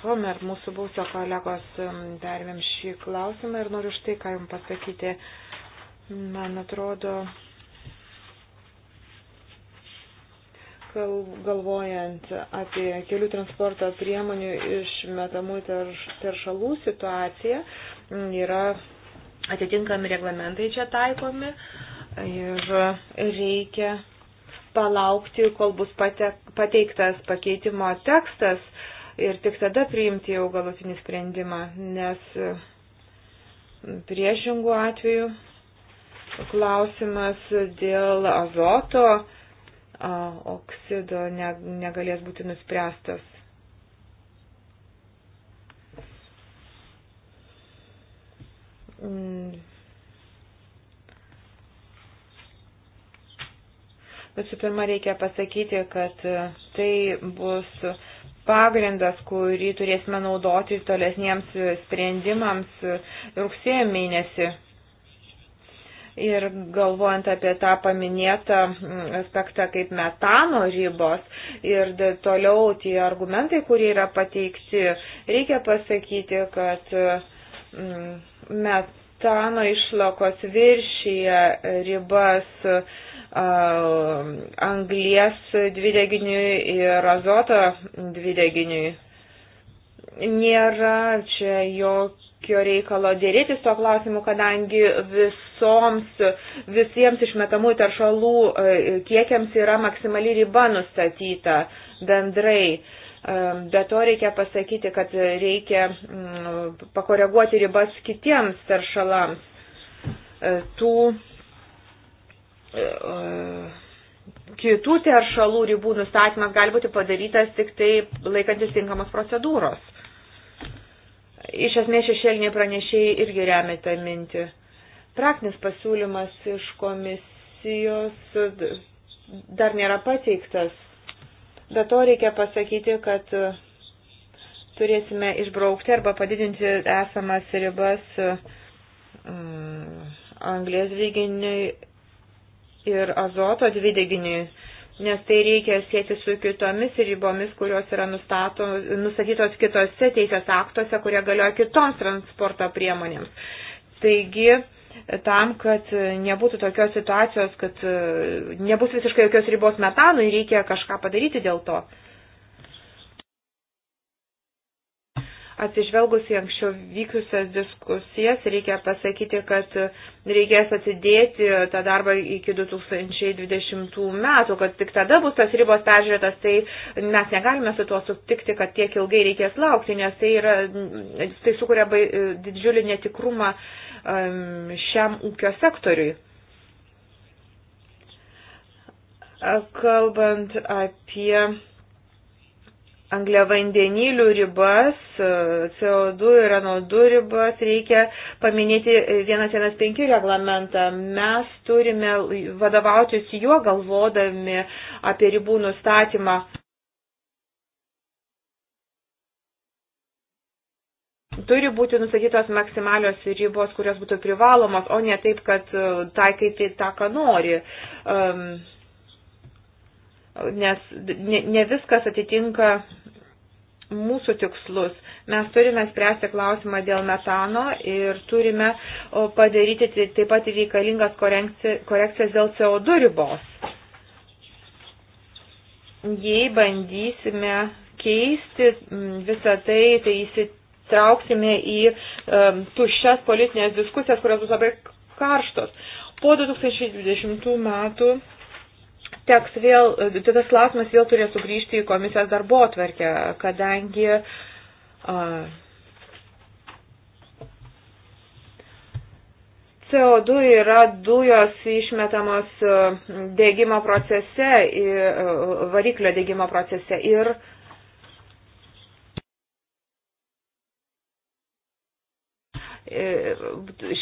Homer, mūsų būsio kolegos, pervėm šį klausimą ir noriu štai ką jums pasakyti. Man atrodo, galvojant apie kelių transporto priemonių išmetamų teršalų situaciją, yra atitinkami reglamentai čia taikomi ir reikia palaukti, kol bus pateiktas pakeitimo tekstas ir tik tada priimti jau galutinį sprendimą, nes priešingų atveju klausimas dėl azoto oksido negalės būti nuspręstas. Mm. Visų pirma, reikia pasakyti, kad e, tai bus pagrindas, kurį turėsime naudoti tolesniems e, sprendimams e, rugsėjo mėnesį. Ir galvojant apie tą paminėtą mm, aspektą kaip metano ribos ir toliau tie argumentai, kurie yra pateikti, reikia pasakyti, kad mm, metano išlakos viršyje ribas anglies dvideginiui ir azoto dvideginiui. Nėra čia jokio reikalo dėrėtis to klausimu, kadangi visoms, visiems išmetamų teršalų kiekiams yra maksimali riba nustatyta bendrai. Be to reikia pasakyti, kad reikia pakoreguoti ribas kitiems teršalams. Tų E, e, kitų teršalų ribų nustatymas gali būti padarytas tik tai laikantis tinkamos procedūros. Iš esmės šešėliniai pranešėjai irgi remia tą mintį. Praktinis pasiūlymas iš komisijos dar nėra pateiktas. Be to reikia pasakyti, kad turėsime išbraukti arba padidinti esamas ribas mm, anglės dviginiui ir azoto dvideginį, nes tai reikia sėti su kitomis ribomis, kurios yra nustato, nustatytos kitose teisės aktuose, kurie galioja kitoms transporto priemonėms. Taigi, tam, kad nebūtų tokios situacijos, kad nebus visiškai jokios ribos metanui, reikia kažką padaryti dėl to. Atsižvelgus į anksčiau vykusias diskusijas, reikia pasakyti, kad reikės atsidėti tą darbą iki 2020 metų, kad tik tada bus tas ribos peržiūrėtas, tai mes negalime su tuo sutikti, kad tiek ilgai reikės laukti, nes tai, yra, tai sukuria bai, didžiulį netikrumą šiam ūkio sektoriui. Kalbant apie angliavandenilių ribas, e, CO2 ir NO2 ribas, reikia paminėti 115 reglamentą. Mes turime vadovautis juo galvodami apie ribų nustatymą. Turi būti nusakytos maksimalios ribos, kurios būtų privalomos, o ne taip, kad e, taikai tai tą, ką nori. Um, nes ne, ne viskas atitinka mūsų tikslus. Mes turime spręsti klausimą dėl metano ir turime padaryti tai, taip pat reikalingas korekcijas dėl CO2 ribos. Jei bandysime keisti visą tai, tai įsitrauksime į um, tuščias politinės diskusijas, kurios bus labai karštos. Po 2020 metų teks vėl, tai tas klausimas vėl turės sugrįžti į komisijos darbo atverkę, kadangi uh, CO2 yra dujos išmetamos dėgymo procese, variklio dėgymo procese ir uh,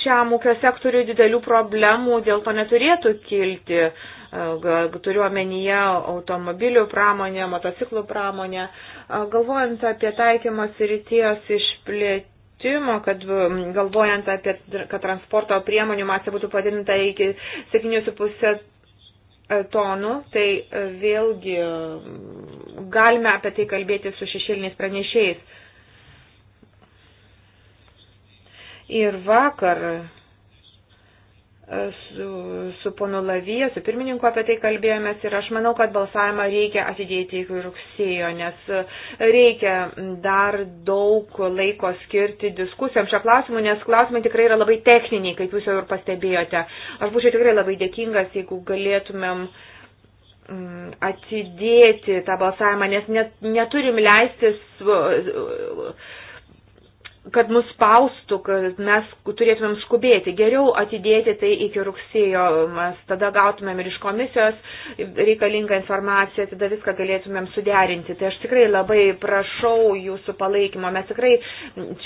šiam ūkio sektoriu didelių problemų dėl to neturėtų kilti. Turiu omenyje automobilių pramonę, motociklų pramonę. Galvojant apie taikymos ryties išplėtimą, plitimo, kad galvojant apie, kad transporto priemonių masė būtų padidinta iki 7,5 tonų, tai e, vėlgi galime apie tai kalbėti su šešėliniais pranešėjais. Ir vakar e, su, su ponu Lavija, su pirmininku apie tai kalbėjomės ir aš manau, kad balsavimą reikia atidėti iki rugsėjo, nes e, reikia dar daug laiko skirti diskusijom šio klausimu, nes klausimai tikrai yra labai techniniai, kaip jūs jau ir pastebėjote. Aš būčiau tikrai labai dėkingas, jeigu galėtumėm mm, atidėti tą balsavimą, nes net, neturim leistis kad mus spaustų, kad mes turėtumėm skubėti. Geriau atidėti tai iki rugsėjo, mes tada gautumėm ir iš komisijos reikalingą informaciją, tada viską galėtumėm suderinti. Tai aš tikrai labai prašau jūsų palaikymo. Mes tikrai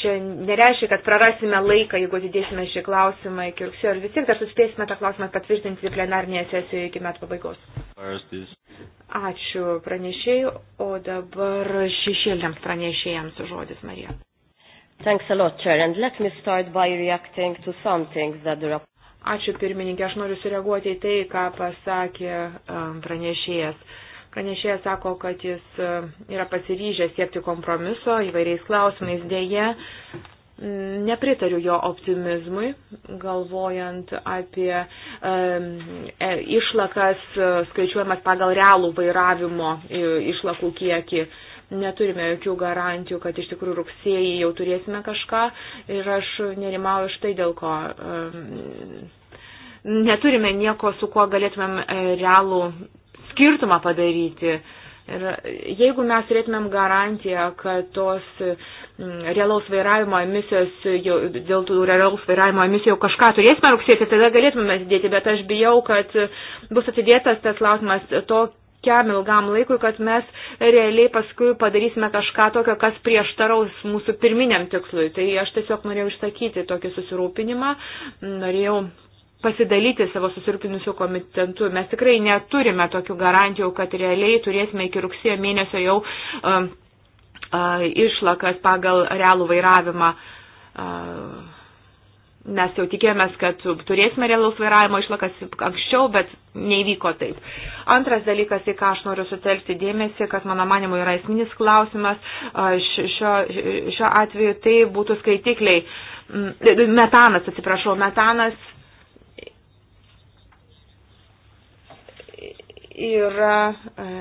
čia nereiškia, kad prarasime laiką, jeigu atidėsime šį klausimą iki rugsėjo ir vis tiek dar suspėsime tą klausimą patvirtinti plenarnėje sesijoje iki metų pabaigos. Ačiū pranešėjai, o dabar šešėliams pranešėjams žodis Marija. Thanks a lot, Chair, and let me start by reacting to some things that the Ačiū pirmininkė, aš noriu sureaguoti į tai, ką pasakė um, pranešėjas. Pranešėjas sako, kad jis um, yra pasiryžęs siekti kompromiso įvairiais klausimais. Dėje mm, nepritariu jo optimizmui, galvojant apie um, e, išlakas uh, skaičiuojamas pagal realų vairavimo išlakų kiekį. E, neturime jokių garantijų, kad iš tikrųjų rugsėjai jau turėsime kažką ir aš nerimauju štai dėl ko. Neturime nieko, su kuo galėtumėm e, realų skirtumą padaryti. Ir jeigu mes turėtumėm garantiją, kad tos realaus vairavimo emisijos, jau, dėl tų realaus vairavimo emisijų kažką turėsime rugsėti, tada galėtumėm atidėti, bet aš bijau, kad bus atidėtas tas klausimas to, tokiam ilgam laikui, kad mes realiai paskui padarysime kažką tokio, kas prieštaraus mūsų pirminiam tikslui. Tai aš tiesiog norėjau išsakyti tokį susirūpinimą, norėjau pasidalyti savo susirūpinusių komitentų. Mes tikrai neturime tokių garantijų, kad realiai turėsime iki rugsėjo mėnesio jau uh, uh, išlakas pagal realų vairavimą. Uh, mes jau tikėjomės, kad turėsime realaus vairavimo išlakas anksčiau, bet neįvyko taip. Antras dalykas, į ką aš noriu sutelkti dėmesį, kas mano manimo yra esminis klausimas, šio, šio atveju tai būtų skaitikliai, mm, metanas, atsiprašau, metanas yra. E,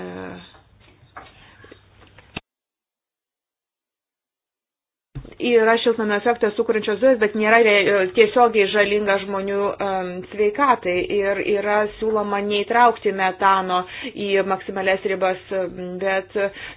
yra šiltnamio efektą sukūrinčios dujos, bet nėra e, tiesiogiai žalinga žmonių um, sveikatai ir yra siūloma neįtraukti metano į maksimalias ribas, bet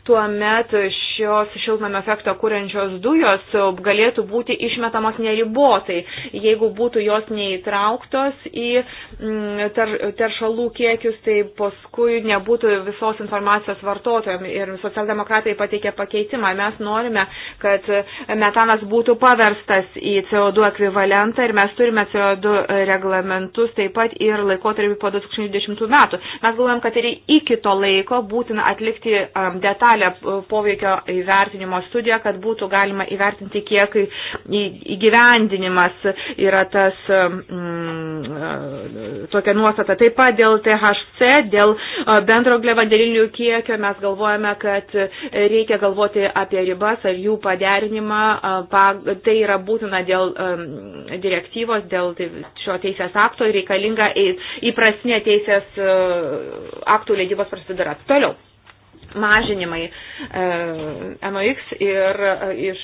tuo metu šios šiltnamio efektą kūrenčios dujos galėtų būti išmetamos neribotai, jeigu būtų jos neįtrauktos į mm, ter, teršalų kiekius, tai paskui nebūtų visos informacijos vartotojams ir socialdemokratai pateikė pakeitimą. Mes norime, kad metano metanas būtų paverstas į CO2 ekvivalentą ir mes turime CO2 reglamentus taip pat ir laikotarpį po 2010 metų. Mes galvojam, kad ir iki to laiko būtina atlikti um, detalę uh, poveikio įvertinimo studiją, kad būtų galima įvertinti, kiek įgyvendinimas yra tas mm, tokia nuostata. Taip pat dėl THC, dėl uh, bendro glevandenilių kiekio mes galvojame, kad reikia galvoti apie ribas ar jų paderinimą tai yra būtina dėl direktyvos, dėl šio teisės akto ir reikalinga įprasnė teisės e, aktų leidybos procedūra. Toliau mažinimai e, MOX ir e, iš,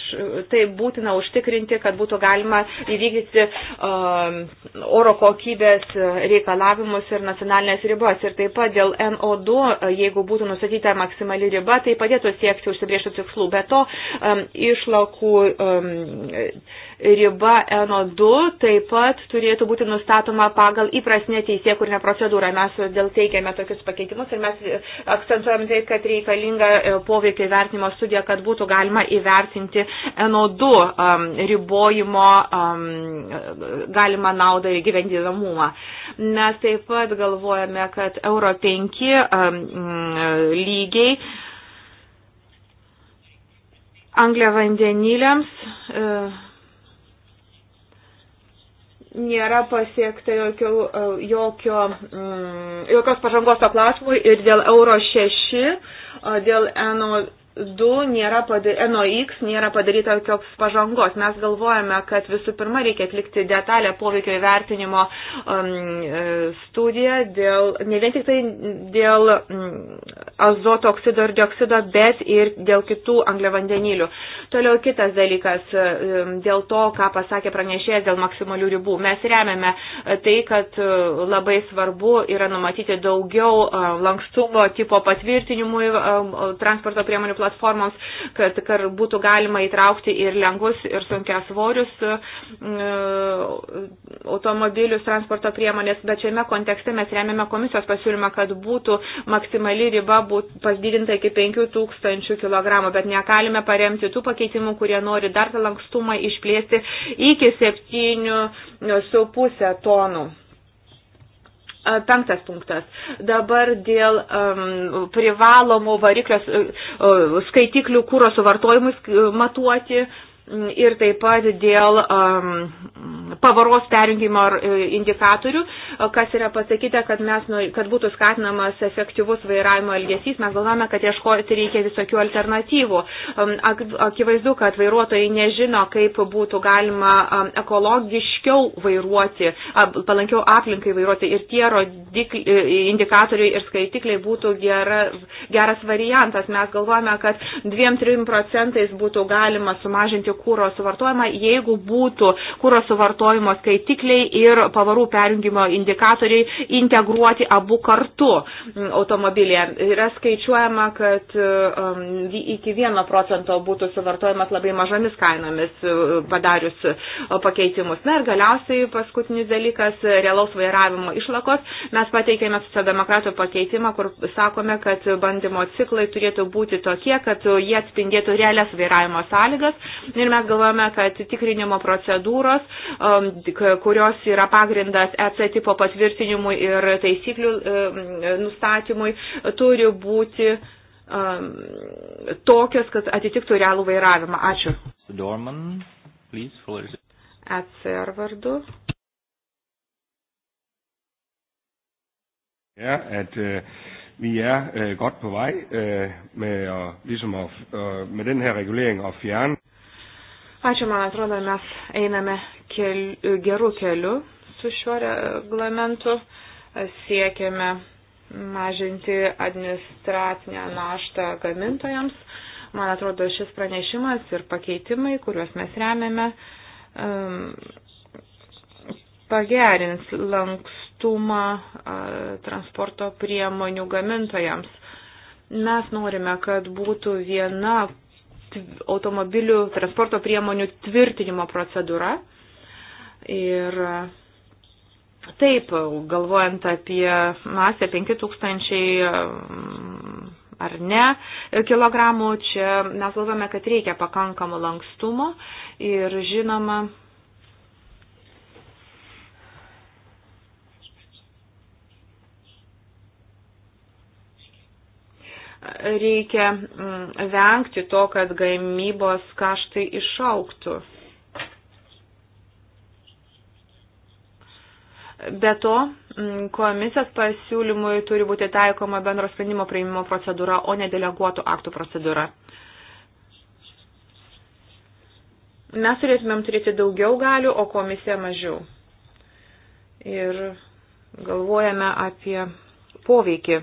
tai būtina užtikrinti, kad būtų galima įvykdyti e, oro kokybės reikalavimus ir nacionalinės ribas. Ir taip pat dėl NO2, jeigu būtų nustatyta maksimali riba, tai padėtų siekti užsibrieštų tikslų. Be to, išlakų riba NO2 taip pat turėtų būti nustatoma pagal įprasnę teisėkūrinę procedūrą. Mes dėl teikiame tokius pakeitimus ir mes e, akcentuojame tai, kad reikalinga e, poveikio įvertinimo studija, kad būtų galima įvertinti NO2 um, ribojimo um, galima naudą ir gyvendinamumą. Mes taip pat galvojame, kad Euro 5 um, mm, lygiai angliavandeniliams uh, e, nėra pasiekta jokio, jokio, mm, jokios pažangos to klausimui ir dėl euro 6, dėl NO 2 nėra padaryta, NOX nėra padaryta jokios pažangos. Mes galvojame, kad visų pirma reikia atlikti detalę poveikio įvertinimo um, e, studiją dėl, ne vien tik tai dėl um, azoto oksido ir dioksido, bet ir dėl kitų angliavandenilių. Toliau kitas dalykas um, dėl to, ką pasakė pranešėjas dėl maksimalių ribų. Mes remiame e, tai, kad uh, labai svarbu yra numatyti daugiau uh, lankstumo tipo patvirtinimui uh, transporto priemonių platformoms, kad, kad būtų galima įtraukti ir lengvus, ir sunkias svorius e, automobilius, transporto priemonės, bet šiame kontekste mes remiame komisijos pasiūlymą, kad būtų maksimali riba būtų pasdidinta iki 5000 kg, bet negalime paremti tų pakeitimų, kurie nori dar lankstumą išplėsti iki 7,5 tonų. Penktas punktas. Dabar dėl um, privalomų variklio uh, skaitiklių kūro suvartojimui matuoti. Uh, ir taip pat dėl um, pavaros perjungimo e, indikatorių, kas yra pasakyta, kad, mes, nu, kad būtų skatinamas efektyvus vairavimo elgesys, mes galvojame, kad ieškoti reikia visokių alternatyvų. Um, akivaizdu, kad vairuotojai nežino, kaip būtų galima um, ekologiškiau vairuoti, um, palankiau aplinkai vairuoti ir tie rodikli, e, indikatoriai ir skaitikliai būtų gera, geras variantas. Mes galvojame, kad 2-3 procentais būtų galima sumažinti mažinti kūro suvartojimą, jeigu būtų kūro suvartojimo skaitikliai ir pavarų perjungimo indikatoriai integruoti abu kartu mm, automobilėje. Yra skaičiuojama, kad um, iki 1 procento būtų suvartojimas labai mažomis kainomis uh, padarius uh, pakeitimus. Na ir galiausiai paskutinis dalykas - realaus vairavimo išlakos. Mes pateikėme socialdemokratų pakeitimą, kur sakome, kad bandymo ciklai turėtų būti tokie, kad jie atspindėtų realias vairavimo sąlygas, Ir mes galvojame, kad tikrinimo procedūros, um, kurios yra pagrindas EC tipo patvirtinimui ir taisyklių um, nustatymui, turi būti um, tokios, kad atitiktų realų vairavimą. Ačiū. Dorman, please, for... ECR vardu. er, at øh, vi er øh, godt på vej øh, med, at, ligesom at, øh, med den her regulering at fjerne. Ačiū, man atrodo, mes einame kel, gerų kelių su šiuo reglamentu. Siekiame mažinti administracinę naštą gamintojams. Man atrodo, šis pranešimas ir pakeitimai, kuriuos mes remiame, um, pagerins lankstumą uh, transporto priemonių gamintojams mes norime, kad būtų viena automobilių transporto priemonių tvirtinimo procedūra. Ir taip, galvojant apie masę 5000 mm, ar ne kilogramų, čia mes galvome, kad reikia pakankamų lankstumo ir žinoma, reikia mm, vengti to, kad gamybos kaštai išauktų. Be to, mm, komisijos pasiūlymui turi būti taikoma bendro sprendimo prieimimo procedūra, o ne deleguotų aktų procedūra. Mes turėtumėm turėti daugiau galių, o komisija mažiau. Ir galvojame apie poveikį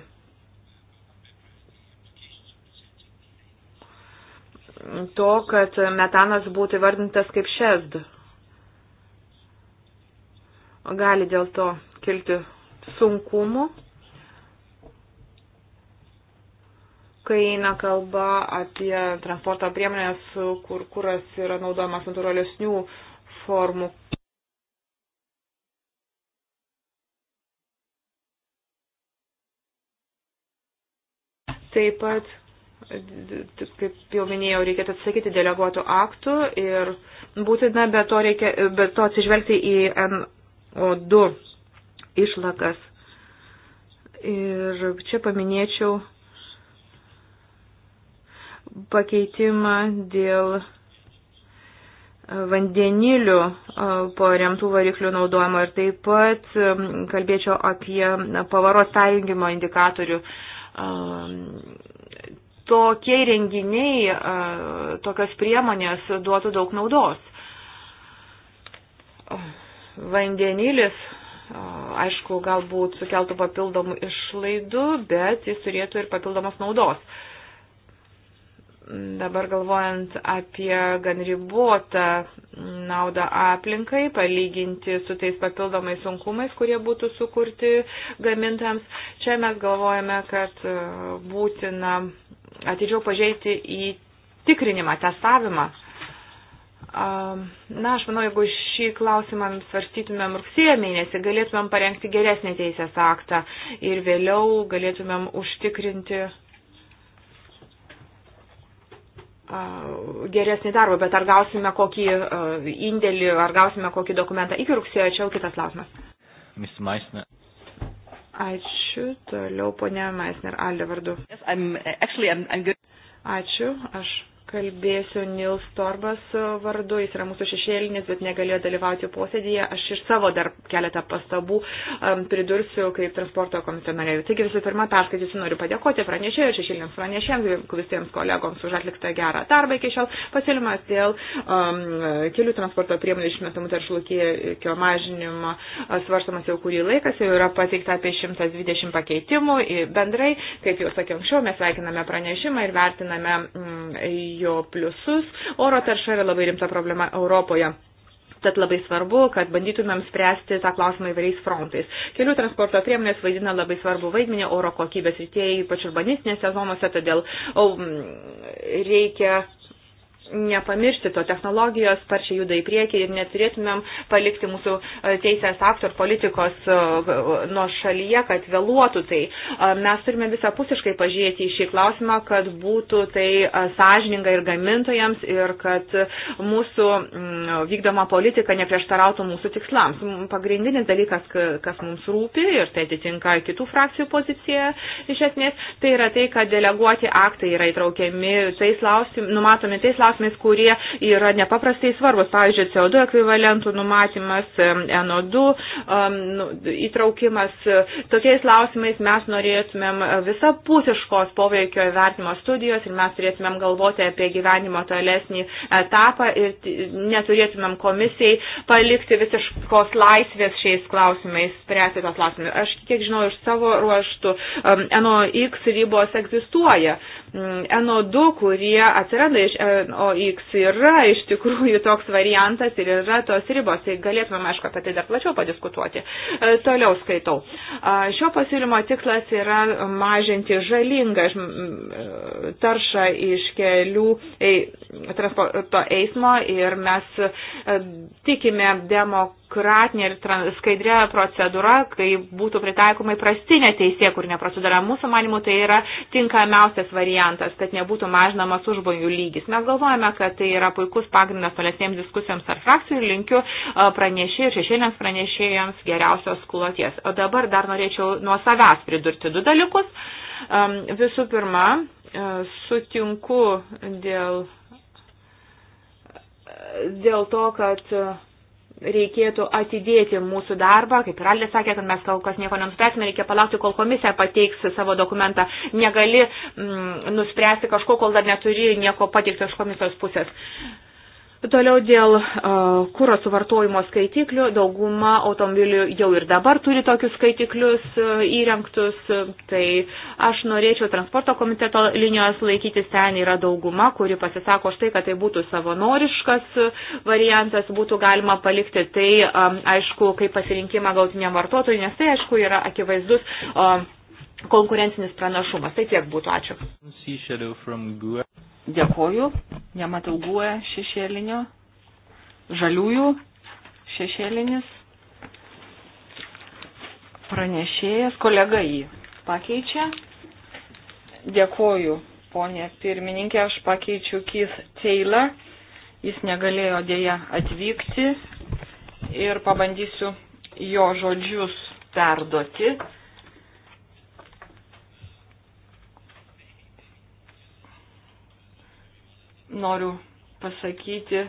to, kad metanas būtų įvardintas kaip šesd. Gali dėl to kilti sunkumų, kai eina kalba apie transporto priemonės, kur kuras yra naudojamas natūralesnių formų. Taip pat kaip jau minėjau, reikėtų atsakyti deleguotų aktų ir būtina be to, reikia, be to atsižvelgti į NO2 išlakas. Ir čia paminėčiau pakeitimą dėl vandenilių paremtų variklių naudojimo ir taip pat kalbėčiau apie pavaros sąjungimo indikatorių tokie renginiai, tokios priemonės duotų daug naudos. Vandenilis, aišku, galbūt sukeltų papildomų išlaidų, bet jis turėtų ir papildomos naudos. Dabar galvojant apie gan ribotą naudą aplinkai, palyginti su tais papildomais sunkumais, kurie būtų sukurti gamintams, čia mes galvojame, kad būtina atidžiau pažiūrėti į tikrinimą, testavimą. Na, aš manau, jeigu šį klausimą svarstytumėm rugsėjo mėnesį, galėtumėm parengti geresnį teisės aktą ir vėliau galėtumėm užtikrinti geresnį darbą, bet ar gausime kokį indėlį, ar gausime kokį dokumentą iki rugsėjo, čia jau kitas klausimas. Mis Maisner. Ačiū. Toliau ponia Meisner, Alde vardu. Yes, I'm, uh, actually, I'm, I'm good. Ačiū. Aš Kalbėsiu Nils Torbas e, vardu, jis yra mūsų šešėlinis, bet negalėjo dalyvauti posėdėje. Aš ir savo dar keletą pastabų um, pridursiu kaip transporto komiteto norėjau. Taigi visų pirma, perskaitysiu, noriu padėkoti pranešėjai, šešėliniams pranešėjams, visiems kolegoms už atliktą gerą darbą iki šiol. Pasiūlymas dėl um, kelių transporto priemonių išmetamų taršų kiekio mažinimo e, svarstamas jau kurį laikas, jau yra pateikta apie 120 pakeitimų. Bendrai, kaip jau sakiau anksčiau, mes sveikiname pranešimą ir vertiname mm, jo pliusus. Oro tarša yra labai rimta problema Europoje. Tad labai svarbu, kad bandytumėm spręsti tą klausimą įvairiais frontais. Kelių transporto priemonės vaidina labai svarbu vaidmenį oro kokybės rytėje, ypač urbanistinėse zonose, todėl o, reikia nepamiršti to. Technologijos sparčiai juda į priekį ir neturėtumėm palikti mūsų e, teisės aktų ir politikos e, nuo šalyje, kad vėluotų tai. E, mes turime visapusiškai pažiūrėti į šį klausimą, kad būtų tai sąžininga ir gamintojams ir kad mūsų mm, vykdoma politika neprieštarautų mūsų tikslams. Pagrindinis dalykas, kas mums rūpi ir tai atitinka kitų frakcijų poziciją iš esmės, tai yra tai, kad deleguoti aktai yra įtraukiami, tais lausim, numatomi tais klausimais, klausimais, kurie yra nepaprastai svarbus. Pavyzdžiui, CO2 ekvivalentų numatymas, NO2 um, nu, įtraukimas. Tokiais klausimais mes norėtumėm visapusiškos poveikio vertimo studijos ir mes turėtumėm galvoti apie gyvenimo tolesnį etapą ir neturėtumėm komisijai palikti visiškos laisvės šiais klausimais, spręsti tos klausimus. Aš kiek žinau iš savo ruoštų, um, NOX ribos egzistuoja. Mm, NO2, kurie atsiranda iš NOX, yra iš tikrųjų toks variantas ir yra tos ribos. Tai galėtume, aišku, apie tai dar plačiau padiskutuoti. E, toliau skaitau. E, šio pasiūlymo tikslas yra mažinti žalingą e, taršą iš kelių transporto eismo ir mes tikime demokratiją biurokratinė ir skaidrė procedūra, kai būtų pritaikomai prastinė teisė, kur neprocedūra mūsų manimų, tai yra tinkamiausias variantas, kad nebūtų mažinamas užbojų lygis. Mes galvojame, kad tai yra puikus pagrindas tolesniems diskusijoms ar frakcijų ir linkiu pranešėjų, šešėliams pranešėjams geriausios kloties. O dabar dar norėčiau nuo savęs pridurti du dalykus. Visų pirma, sutinku dėl, dėl to, kad reikėtų atidėti mūsų darbą. Kaip ir Aldė sakė, kad mes kol kas nieko nenuspręsime, reikia palaukti, kol komisija pateiks savo dokumentą. Negali mm, nuspręsti kažko, kol dar neturi nieko pateikto iš komisijos pusės. Uh, Toliau dėl uh, kūro suvartojimo skaitiklių. Dauguma automobilių jau ir dabar turi tokius skaitiklius uh, įrengtus. Tai aš norėčiau transporto komiteto linijos laikytis. Ten yra dauguma, kuri pasisako štai, kad tai būtų savanoriškas variantas, būtų galima palikti tai, um, aišku, kaip pasirinkimą gautiniam vartotojui, nes tai, aišku, yra akivaizdus. Um, konkurencinis pranašumas. Tai tiek būtų. Ačiū. Dėkoju, nematau guoja e šešėlinio, žaliųjų šešėlinis pranešėjas, kolega jį pakeičia. Dėkoju, ponė pirmininkė, aš pakeičiu Keith Taylor, jis negalėjo dėja atvykti ir pabandysiu jo žodžius perduoti noriu pasakyti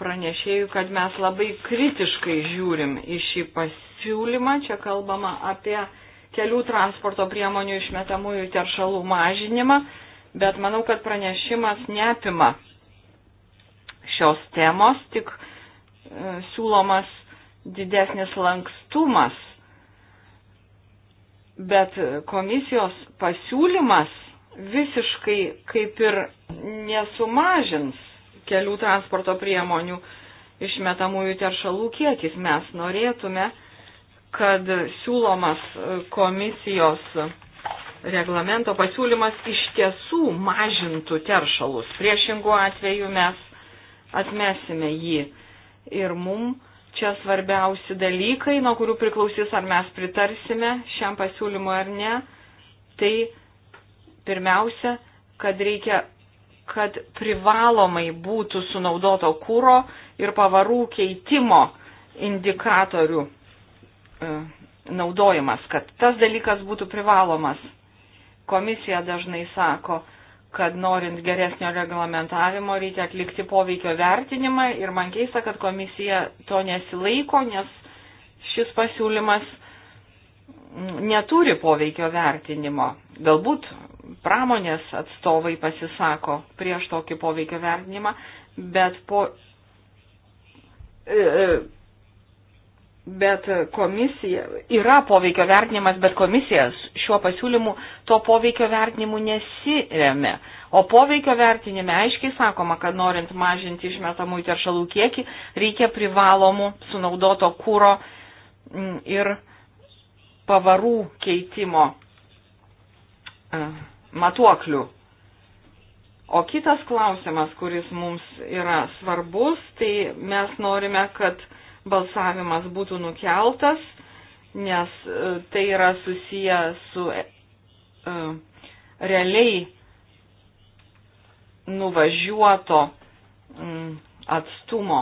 pranešėjų, kad mes labai kritiškai žiūrim į šį pasiūlymą. Čia kalbama apie kelių transporto priemonių išmetamųjų teršalų mažinimą, bet manau, kad pranešimas neapima šios temos, tik e, siūlomas didesnis lankstumas. Bet komisijos pasiūlymas visiškai kaip ir nesumažins kelių transporto priemonių išmetamųjų teršalų kiekis. Mes norėtume, kad siūlomas komisijos reglamento pasiūlymas iš tiesų mažintų teršalus. Priešingų atveju mes atmesime jį. Ir mum čia svarbiausi dalykai, nuo kurių priklausys, ar mes pritarsime šiam pasiūlymui ar ne, tai Pirmiausia, kad reikia, kad privalomai būtų sunaudoto kūro ir pavarų keitimo indikatorių e, naudojimas, kad tas dalykas būtų privalomas. Komisija dažnai sako, kad norint geresnio reglamentavimo reikia atlikti poveikio vertinimą ir man keista, kad komisija to nesilaiko, nes šis pasiūlymas neturi poveikio vertinimo. Galbūt pramonės atstovai pasisako prieš tokį poveikio vertinimą, bet, po, e, e, bet komisija, yra poveikio vertinimas, bet komisijas šiuo pasiūlymu to poveikio vertinimu nesiremia. O poveikio vertinime aiškiai sakoma, kad norint mažinti išmetamų teršalų kiekį, reikia privalomų sunaudoto kūro mm, ir pavarų keitimo. Uh matuoklių. O kitas klausimas, kuris mums yra svarbus, tai mes norime, kad balsavimas būtų nukeltas, nes e, tai yra susiję su uh, realiai nuvažiuoto um, atstumo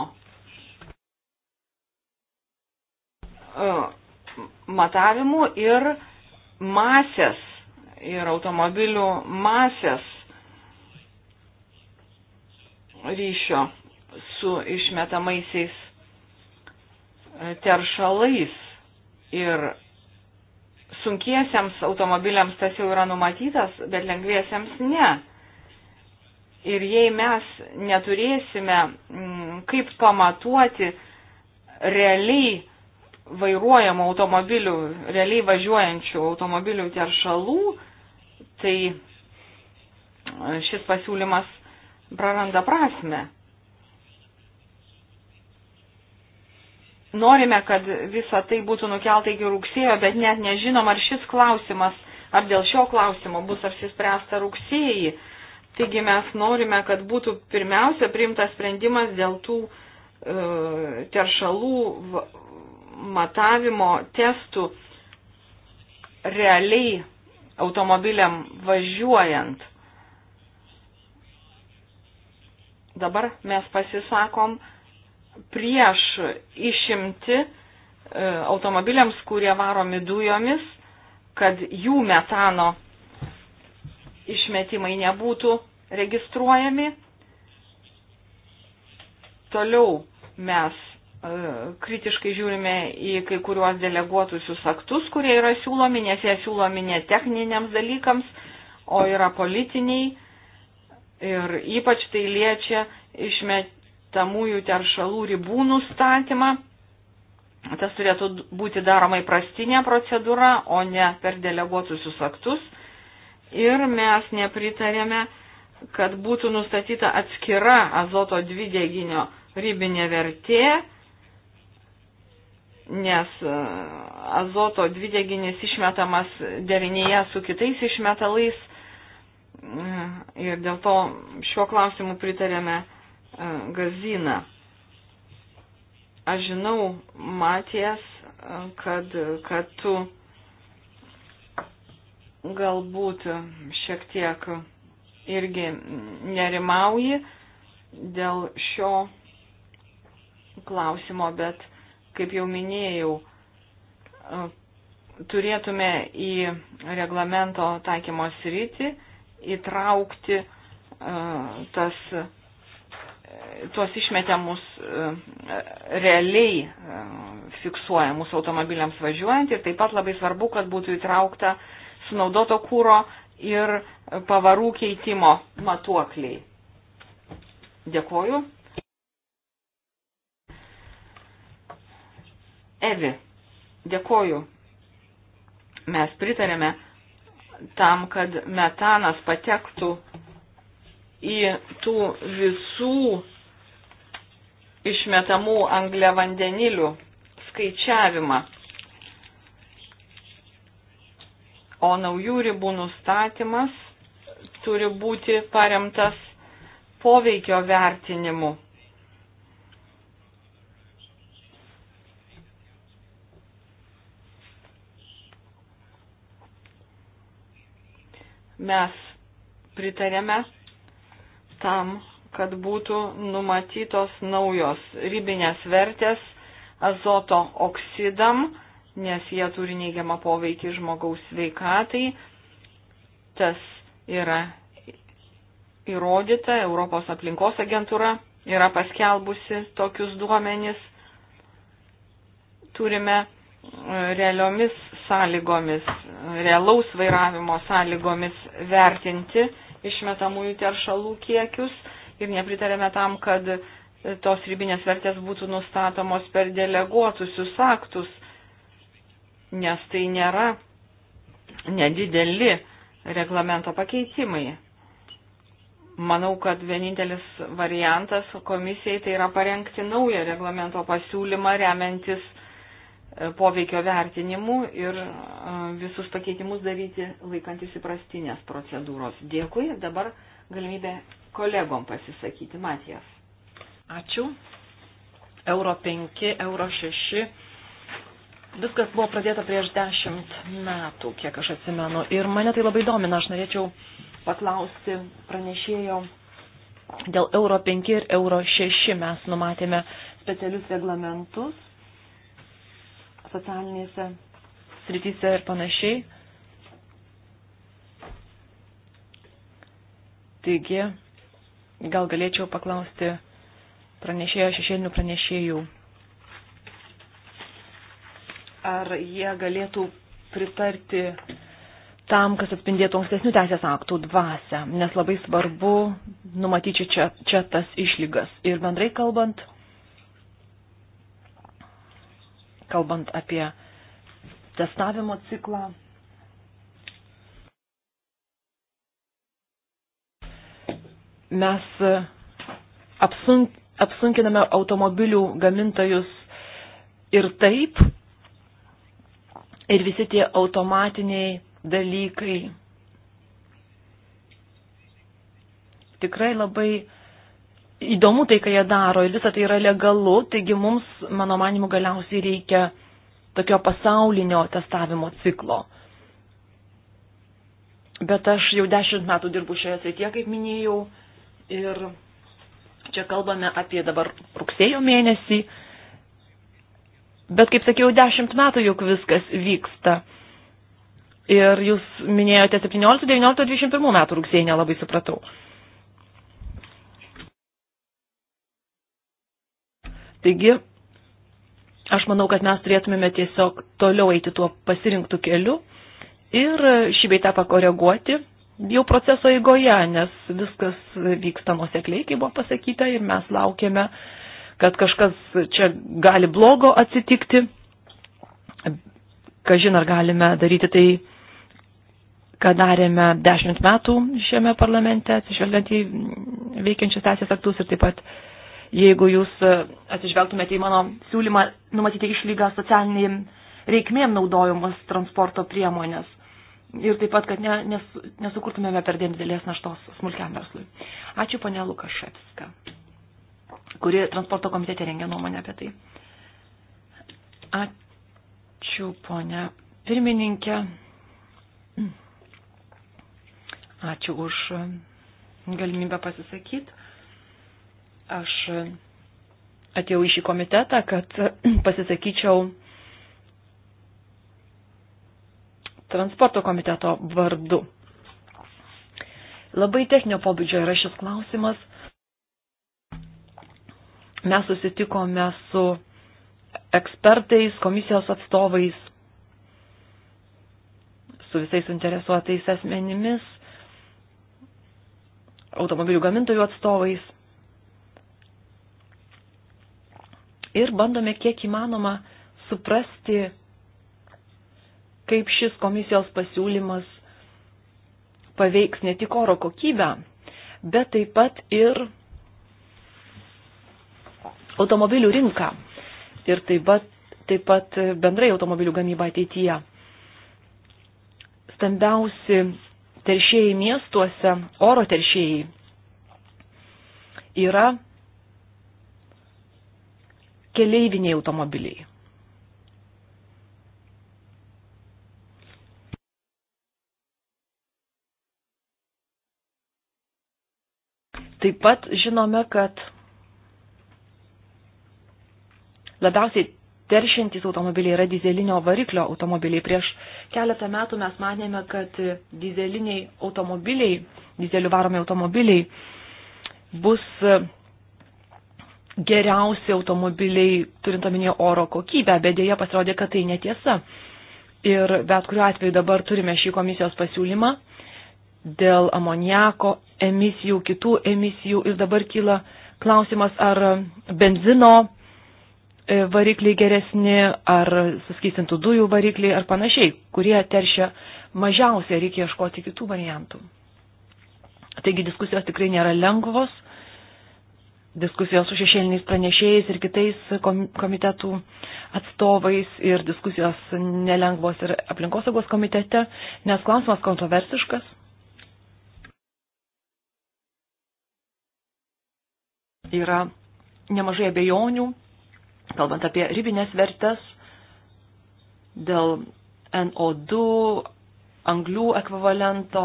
uh, matavimu ir masės ir automobilių masės ryšio su išmetamaisiais e, teršalais ir sunkiesiems automobiliams tas jau yra numatytas, bet lengviesiems ne. Ir jei mes neturėsime mm, kaip pamatuoti realiai vairuojamų automobilių, realiai važiuojančių automobilių teršalų, tai šis pasiūlymas praranda prasme. Norime, kad visa tai būtų nukelta iki rugsėjo, bet net nežinom, ar šis klausimas, ar dėl šio klausimo bus apsispręsta rugsėjį. Taigi mes norime, kad būtų pirmiausia priimtas sprendimas dėl tų e, teršalų matavimo testų realiai automobiliam važiuojant. Dabar mes pasisakom prieš išimti e, automobiliams, kurie varomi dujomis, kad jų metano išmetimai nebūtų registruojami. Toliau mes E, kritiškai žiūrime į kai kuriuos deleguotusius aktus, kurie yra siūlomi, nes jie siūlomi ne techniniams dalykams, o yra politiniai. Ir ypač tai liečia išmetamųjų teršalų ribų nustatymą. Tas turėtų būti daroma įprastinė procedūra, o ne per deleguotusius aktus. Ir mes nepritarėme, kad būtų nustatyta atskira azoto dvideginio ribinė vertė nes e, azoto dvideginis išmetamas derinėje su kitais išmetalais e, ir dėl to šiuo klausimu pritarėme e, gaziną. Aš žinau, Matijas, kad, kad tu galbūt šiek tiek irgi nerimauji dėl šio klausimo, bet kaip jau minėjau, e, turėtume į reglamento taikymo sritį įtraukti e, tas, e, tuos išmetiamus realiai fiksuojamus automobiliams važiuojant ir taip pat labai svarbu, kad būtų įtraukta sunaudoto kūro ir pavarų keitimo matuokliai. Dėkuoju. Evi, dėkoju. Mes pritarėme tam, kad metanas patektų į tų visų išmetamų angliavandenilių skaičiavimą. O naujų ribų nustatymas turi būti paremtas poveikio vertinimu. Mes pritarėme tam, kad būtų numatytos naujos ribinės vertės azoto oksidam, nes jie turi neigiamą poveikį žmogaus veikatai. Tas yra įrodyta, Europos aplinkos agentūra yra paskelbusi tokius duomenis. Turime e, realiomis sąlygomis realaus vairavimo sąlygomis vertinti išmetamųjų teršalų kiekius ir nepritarėme tam, kad tos ribinės vertės būtų nustatomos per deleguotusius aktus, nes tai nėra nedideli reglamento pakeitimai. Manau, kad vienintelis variantas komisijai tai yra parengti naują reglamento pasiūlymą remiantis E, poveikio vertinimų ir e, visus pakeitimus daryti laikantis įprastinės procedūros. Dėkui. Dabar galimybė kolegom pasisakyti. Matijas. Ačiū. Euro 5, euro 6. Viskas buvo pradėta prieš dešimt metų, kiek aš atsimenu. Ir mane tai labai domina. Aš norėčiau paklausti pranešėjo dėl euro 5 ir euro 6. Mes numatėme specialius reglamentus socialinėse srityse ir panašiai. Taigi, gal galėčiau paklausti pranešėjo šešėlinių pranešėjų, ar jie galėtų pritarti tam, kas atspindėtų ankstesnių teisės aktų dvasę, nes labai svarbu numatyti čia, čia tas išlygas. Ir bendrai kalbant, kalbant apie testavimo ciklą. Mes apsunk, apsunkiname automobilių gamintojus ir taip, ir visi tie automatiniai dalykai tikrai labai įdomu tai, ką jie daro ir visa tai yra legalu, taigi mums, mano manimu, galiausiai reikia tokio pasaulinio testavimo ciklo. Bet aš jau dešimt metų dirbu šioje srityje, kaip minėjau, ir čia kalbame apie dabar rugsėjo mėnesį, bet kaip sakiau, dešimt metų juk viskas vyksta. Ir jūs minėjote 17, 19, 21 metų rugsėjį nelabai supratau. Taigi, aš manau, kad mes turėtumėme tiesiog toliau eiti tuo pasirinktų keliu ir šį beitą pakoreguoti jau proceso eigoje, nes viskas vyksta nusekliai, kaip buvo pasakyta, ir mes laukiame, kad kažkas čia gali blogo atsitikti. Kažin ar galime daryti tai, ką darėme dešimt metų šiame parlamente, atsižvelgiant į veikiančius teisės aktus ir taip pat uh, jeigu jūs e, atsižvelgtumėte į mano siūlymą numatyti išlygą socialiniai reikmėm naudojamas transporto priemonės. Ir taip pat, kad ne, nes, nesukurtumėme per dėm didelės naštos smulkiam verslui. Ačiū ponia Lukaševska, kuri transporto komitete rengia nuomonę apie tai. Ačiū ponia pirmininkė. Ačiū už galimybę pasisakyti. Aš atėjau į šį komitetą, kad pasisakyčiau transporto komiteto vardu. Labai techninio pobūdžio yra šis klausimas. Mes susitikome su ekspertais, komisijos atstovais, su visais interesuotais asmenimis, automobilių gamintojų atstovais. ir bandome kiek įmanoma suprasti, kaip šis komisijos pasiūlymas paveiks ne tik oro kokybę, bet taip pat ir automobilių rinką ir taip pat, taip pat bendrai automobilių gamybą ateityje. Stambiausi teršėjai miestuose, oro teršėjai, yra keleiviniai automobiliai. Taip pat žinome, kad labiausiai teršintys automobiliai yra dizelinio variklio automobiliai. Prieš keletą metų mes manėme, kad dizeliniai automobiliai, dizelių varomi automobiliai bus geriausi automobiliai, turint omenyje oro kokybę, bet dėja pasirodė, kad tai netiesa. Ir bet kuriuo atveju dabar turime šį komisijos pasiūlymą dėl amoniako emisijų, kitų emisijų ir dabar kyla klausimas, ar benzino e, varikliai geresni, ar suskystintų dujų varikliai, ar panašiai, kurie teršia mažiausiai, reikia ieškoti kitų variantų. Taigi diskusijos tikrai nėra lengvos diskusijos su šešėliniais pranešėjais ir kitais komitetų atstovais ir diskusijos nelengvos ir aplinkosaugos komitete, nes klausimas kontroversiškas. Yra nemažai abejonių, kalbant apie ribinės vertes dėl NO2, anglių ekvivalento,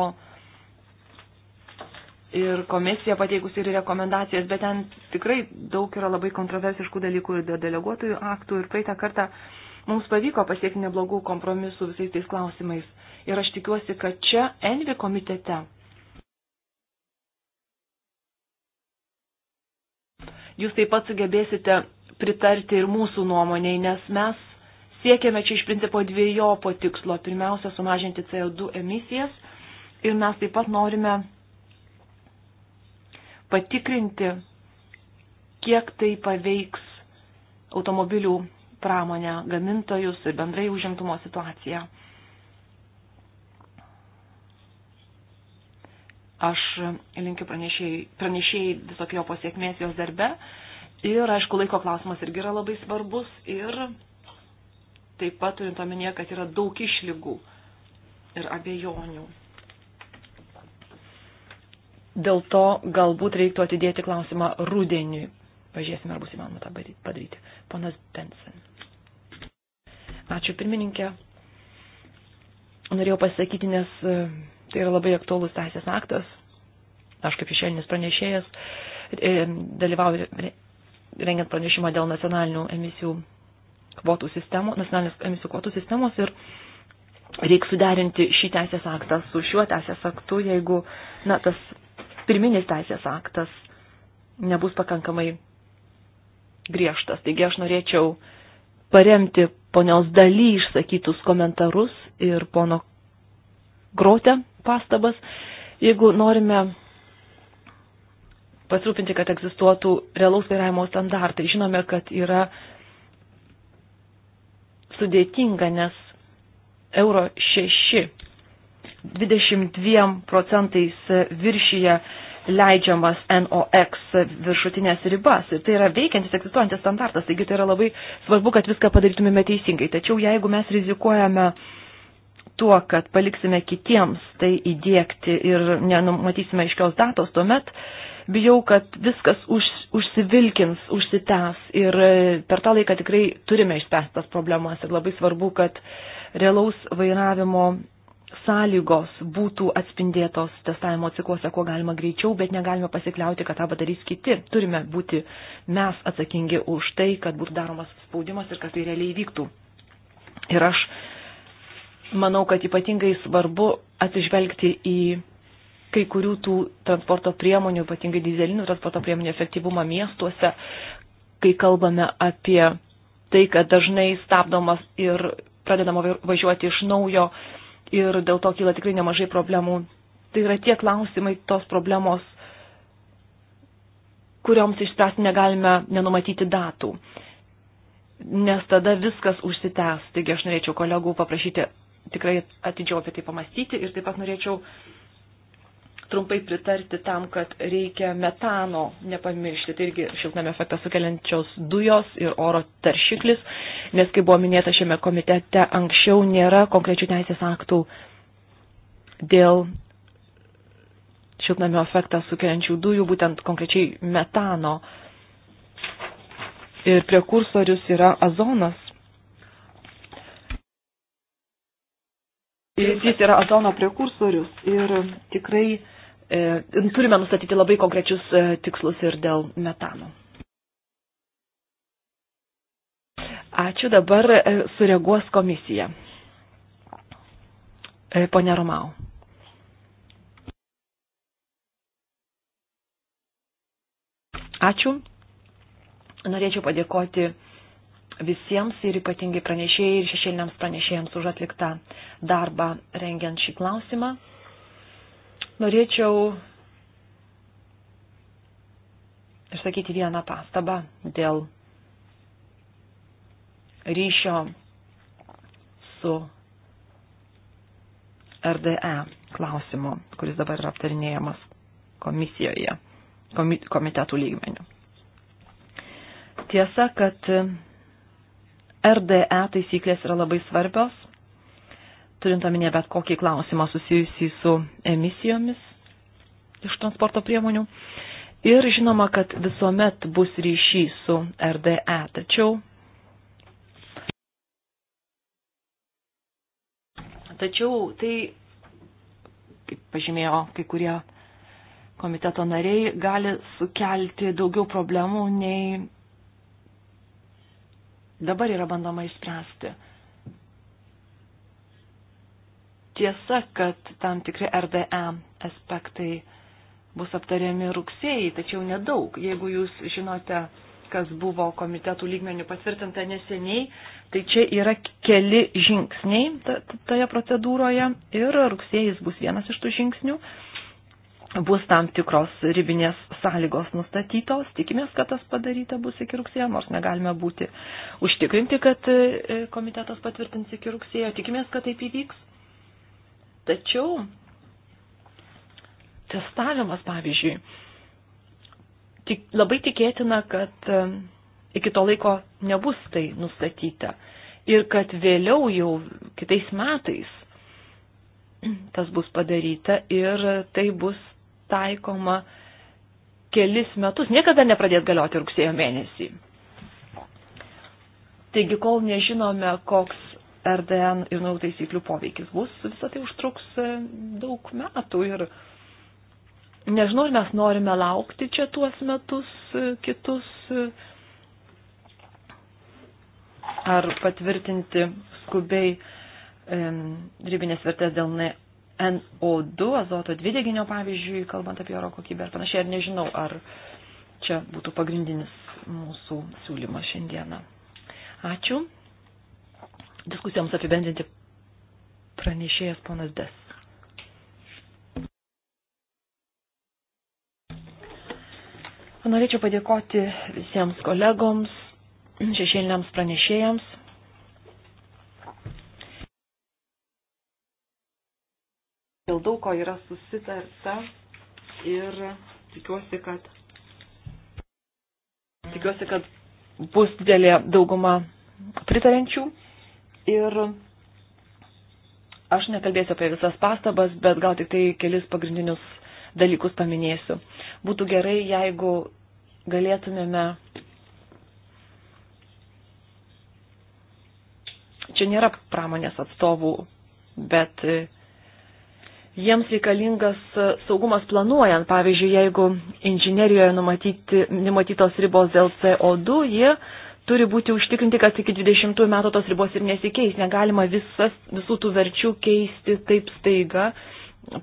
ir komisija pateikusi ir rekomendacijas, bet ten tikrai daug yra labai kontroversiškų dalykų ir deleguotojų aktų ir praeitą kartą mums pavyko pasiekti neblogų kompromisų visais tais klausimais. Ir aš tikiuosi, kad čia Envi komitete jūs taip pat sugebėsite pritarti ir mūsų nuomoniai, nes mes siekiame čia iš principo dviejopo tikslo. Pirmiausia, sumažinti CO2 emisijas ir mes taip pat norime patikrinti, kiek tai paveiks automobilių pramonę, gamintojus ir bendrai užimtumo situaciją. Aš linkiu pranešėjai, pranešėjai visokio pasiekmės jos darbe. Ir, aišku, laiko klausimas irgi yra labai svarbus. Ir taip pat turint omenyje, kad yra daug išlygų ir abejonių. Dėl to galbūt reiktų atidėti klausimą rudeniui. Pažiūrėsime, ar bus įmanoma tą padaryti. Ponas Benson. Ačiū pirmininkė. Norėjau pasakyti, nes e, tai yra labai aktuolus teisės aktas. Aš kaip išėlinis pranešėjas e, dalyvauju rengiant pranešimą dėl nacionalinių emisijų kvotų sistemų, nacionalinės emisijų kvotų sistemos ir reiks suderinti šį teisės aktą su šiuo teisės aktu, jeigu na, tas pirminis teisės aktas nebus pakankamai griežtas. Taigi aš norėčiau paremti ponios daly išsakytus komentarus ir pono grotę pastabas. Jeigu norime pasirūpinti, kad egzistuotų realaus vairavimo standartai, žinome, kad yra sudėtinga, nes Euro 6 22 procentais viršyje leidžiamas NOX viršutinės ribas. Ir tai yra veikiantis, egzistuojantis standartas, taigi tai yra labai svarbu, kad viską padarytumėme teisingai. Tačiau jeigu mes rizikuojame tuo, kad paliksime kitiems tai įdėkti ir nenumatysime aiškios datos, tuomet bijau, kad viskas už, užsivilkins, užsitęs ir e, per tą laiką tikrai turime išspręstas problemas ir labai svarbu, kad realaus vairavimo sąlygos būtų atspindėtos testavimo cikluose kuo galima greičiau, bet negalime pasikliauti, kad tą padarys kiti. Turime būti mes atsakingi už tai, kad būtų daromas spaudimas ir kad tai realiai vyktų. Ir aš manau, kad ypatingai svarbu atsižvelgti į kai kurių tų transporto priemonių, ypatingai dizelinių transporto priemonių efektyvumą miestuose, kai kalbame apie tai, kad dažnai stabdomas ir pradedama važiuoti iš naujo ir dėl to kyla tikrai nemažai problemų. Tai yra tie klausimai, tos problemos, kurioms išspręsti negalime nenumatyti datų, nes tada viskas užsitęs. Taigi aš norėčiau kolegų paprašyti tikrai atidžiau apie tai pamastyti ir taip pat norėčiau uh, trumpai pritarti tam, kad reikia metano nepamiršti. Tai irgi šiltnamio efektą sukeliančios dujos ir oro taršiklis, nes kaip buvo minėta šiame komitete, anksčiau nėra konkrečių teisės aktų dėl šiltnamio efektą sukeliančių dujų, būtent konkrečiai metano. Ir prekursorius yra azonas. Ir jis yra azono prekursorius. Ir tikrai E, turime nustatyti labai konkrečius e, tikslus ir dėl metano. Ačiū, dabar e, sureaguos komisija. Pone Romau. Ačiū. Norėčiau padėkoti visiems ir ypatingai pranešėjai ir šešėliniams pranešėjams už atliktą darbą rengiant šį klausimą. Norėčiau išsakyti vieną pastabą dėl ryšio su RDE klausimu, kuris dabar yra aptarinėjamas komisijoje, komitetų lygmenių. Tiesa, kad RDE taisyklės yra labai svarbios turint omenyje bet kokį klausimą susijusį su emisijomis iš transporto priemonių. Ir žinoma, kad visuomet bus ryšys su RDE, tačiau, tačiau tai, kaip pažymėjo kai kurie komiteto nariai, gali sukelti daugiau problemų nei dabar yra bandoma išspręsti. tiesa, kad tam tikri RDE aspektai bus aptariami rugsėjai, tačiau nedaug. Jeigu jūs žinote, kas buvo komitetų lygmenių patvirtinta neseniai, tai čia yra keli žingsniai toje procedūroje ir rugsėjais bus vienas iš tų žingsnių. Bus tam tikros ribinės sąlygos nustatytos, tikimės, kad tas padaryta bus iki rugsėjo, nors negalime būti užtikrinti, kad e, komitetas patvirtins iki rugsėjo, tikimės, kad taip įvyks. Tačiau testavimas, pavyzdžiui, tik, labai tikėtina, kad iki to laiko nebus tai nustatyta ir kad vėliau jau kitais metais tas bus padaryta ir tai bus taikoma kelis metus, niekada nepradėt galioti rugsėjo mėnesį. Taigi, kol nežinome, koks RDN ir naujų taisyklių poveikis bus, visą tai užtruks e, daug metų ir nežinau, ar mes norime laukti čia tuos metus e, kitus, e, ar patvirtinti skubiai ribinės vertės dėl NO2, azoto dvideginio pavyzdžiui, kalbant apie oro kokybę ir panašiai, ar nežinau, ar čia būtų pagrindinis mūsų siūlymas šiandieną. Ačiū diskusijoms apibendrinti pranešėjas ponas Des. Norėčiau padėkoti visiems kolegoms, šešėliniams pranešėjams. Dėl daug ko yra susitarta ir tikiuosi, kad, tikiuosi, kad bus didelė dauguma pritarančių Ir aš nekalbėsiu apie visas pastabas, bet gal tik tai kelis pagrindinius dalykus paminėsiu. Būtų gerai, jeigu galėtumėme. Čia nėra pramonės atstovų, bet e, jiems reikalingas e, saugumas planuojant. Pavyzdžiui, jeigu inžinerijoje numatyti, numatytos ribos dėl CO2, jie turi būti užtikrinti, kad iki 20 metų tos ribos ir nesikeis. Negalima visas, visų tų verčių keisti taip staiga,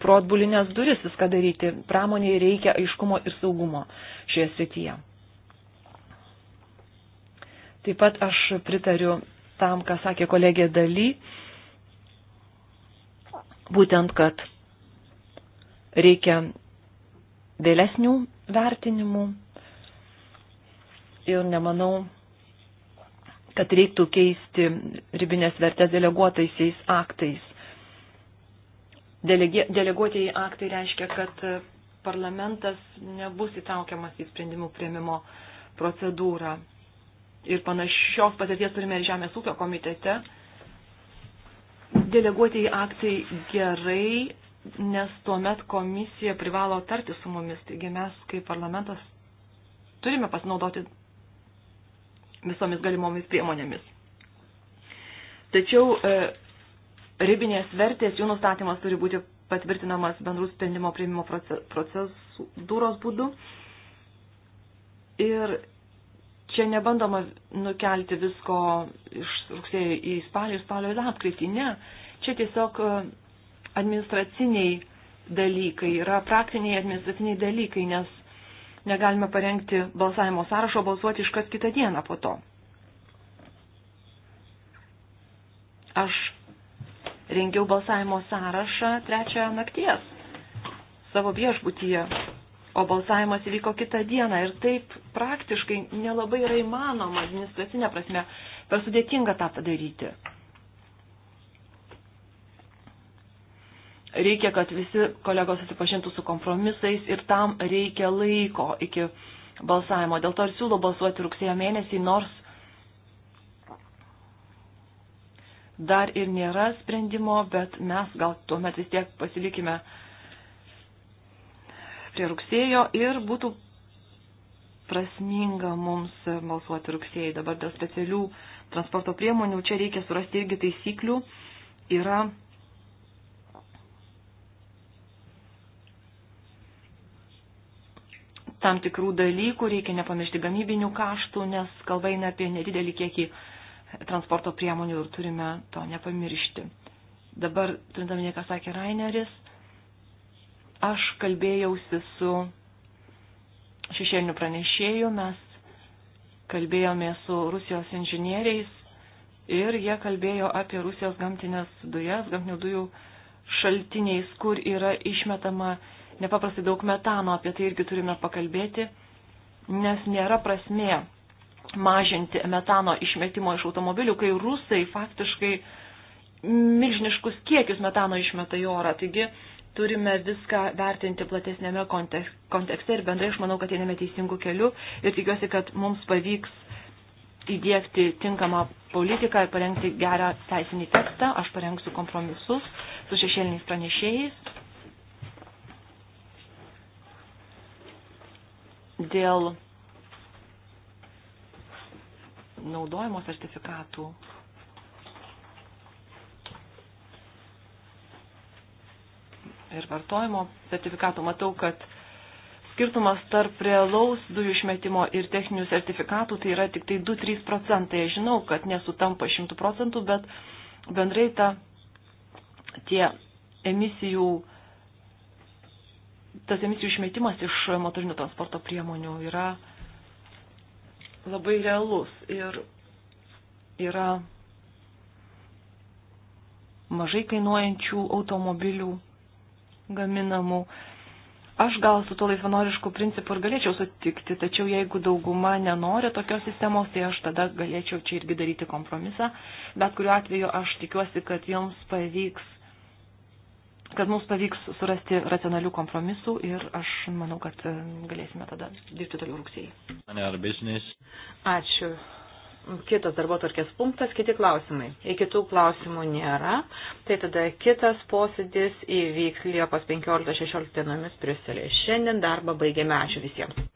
protbulinės duris viską daryti. Pramoniai reikia aiškumo ir saugumo šioje srityje. Taip pat aš pritariu tam, ką sakė kolegė Daly, būtent, kad reikia vėlesnių vertinimų ir nemanau, kad reiktų keisti ribinės vertės deleguotaisiais aktais. Delegi, deleguotieji aktai reiškia, kad parlamentas nebus įtraukiamas į sprendimų prieimimo procedūrą. Ir panašios patirties turime ir Žemės ūkio komitete. Deleguotieji aktai gerai, nes tuomet komisija privalo tarti su mumis. Taigi mes kaip parlamentas turime pasinaudoti visomis galimomis priemonėmis. Tačiau e, ribinės vertės jų nustatymas turi būti patvirtinamas bendrų sprendimo prieimimo procedūros būdu. Ir čia nebandoma nukelti visko iš rugsėjo į spalį, spalio į lapkritį. Ne, čia tiesiog e, administraciniai dalykai, yra praktiniai administraciniai dalykai, nes negalime parengti balsavimo sąrašo, balsuoti iškart kitą dieną po to. Aš rengiau balsavimo sąrašą trečią nakties savo viešbutyje, o balsavimas įvyko kitą dieną ir taip praktiškai nelabai yra įmanoma administracinė prasme, per sudėtinga tą padaryti. reikia, kad visi kolegos susipažintų su kompromisais ir tam reikia laiko iki balsavimo. Dėl to ir siūlau balsuoti rugsėjo mėnesį, nors dar ir nėra sprendimo, bet mes gal tuomet vis tiek pasilikime prie rugsėjo ir būtų prasminga mums balsuoti rugsėjai. Dabar dėl specialių transporto priemonių čia reikia surasti irgi taisyklių. Yra tam tikrų dalykų, reikia nepamiršti gamybinių kaštų, nes kalba eina apie nedidelį kiekį transporto priemonių ir turime to nepamiršti. Dabar, turintaminė, ką sakė Raineris, aš kalbėjausi su šešėliniu pranešėju, mes kalbėjome su Rusijos inžinieriais ir jie kalbėjo apie Rusijos gamtinės dujas, gamtinių dujų šaltiniais, kur yra išmetama nepaprastai daug metano, apie tai irgi turime pakalbėti, nes nėra prasmė mažinti metano išmetimo iš automobilių, kai rusai faktiškai milžiniškus kiekius metano išmeta į orą. Taigi turime viską vertinti platesnėme kontekste ir bendrai aš manau, kad einame teisingų kelių ir tikiuosi, kad mums pavyks įdėkti tinkamą politiką ir parengti gerą teisinį tekstą. Aš parengsiu kompromisus su šešėliniais pranešėjais dėl naudojimo sertifikatų. Ir vartojimo sertifikatų matau, kad skirtumas tarp realaus dujų išmetimo ir techninių sertifikatų tai yra tik tai 2-3 procentai. Aš žinau, kad nesutampa 100 procentų, bet bendrai ta tie emisijų tas emisijų išmetimas iš motorinių transporto priemonių yra labai realus ir yra mažai kainuojančių automobilių gaminamų. Aš gal su tuo laisvanorišku principu ir galėčiau sutikti, tačiau jeigu dauguma nenori tokios sistemos, tai aš tada galėčiau čia irgi daryti kompromisą. Bet kuriuo atveju aš tikiuosi, kad jums pavyks kad mums pavyks surasti racionalių kompromisų ir aš manau, kad e, galėsime tada dirbti toliau rugsėjai. Ačiū. Kitas darbo tarkės punktas, kiti klausimai. Į kitų klausimų nėra. Tai tada kitas posėdis įvyks Liepos 15-16 dienomis Briuselėje. Šiandien darbą baigėme. Ačiū visiems.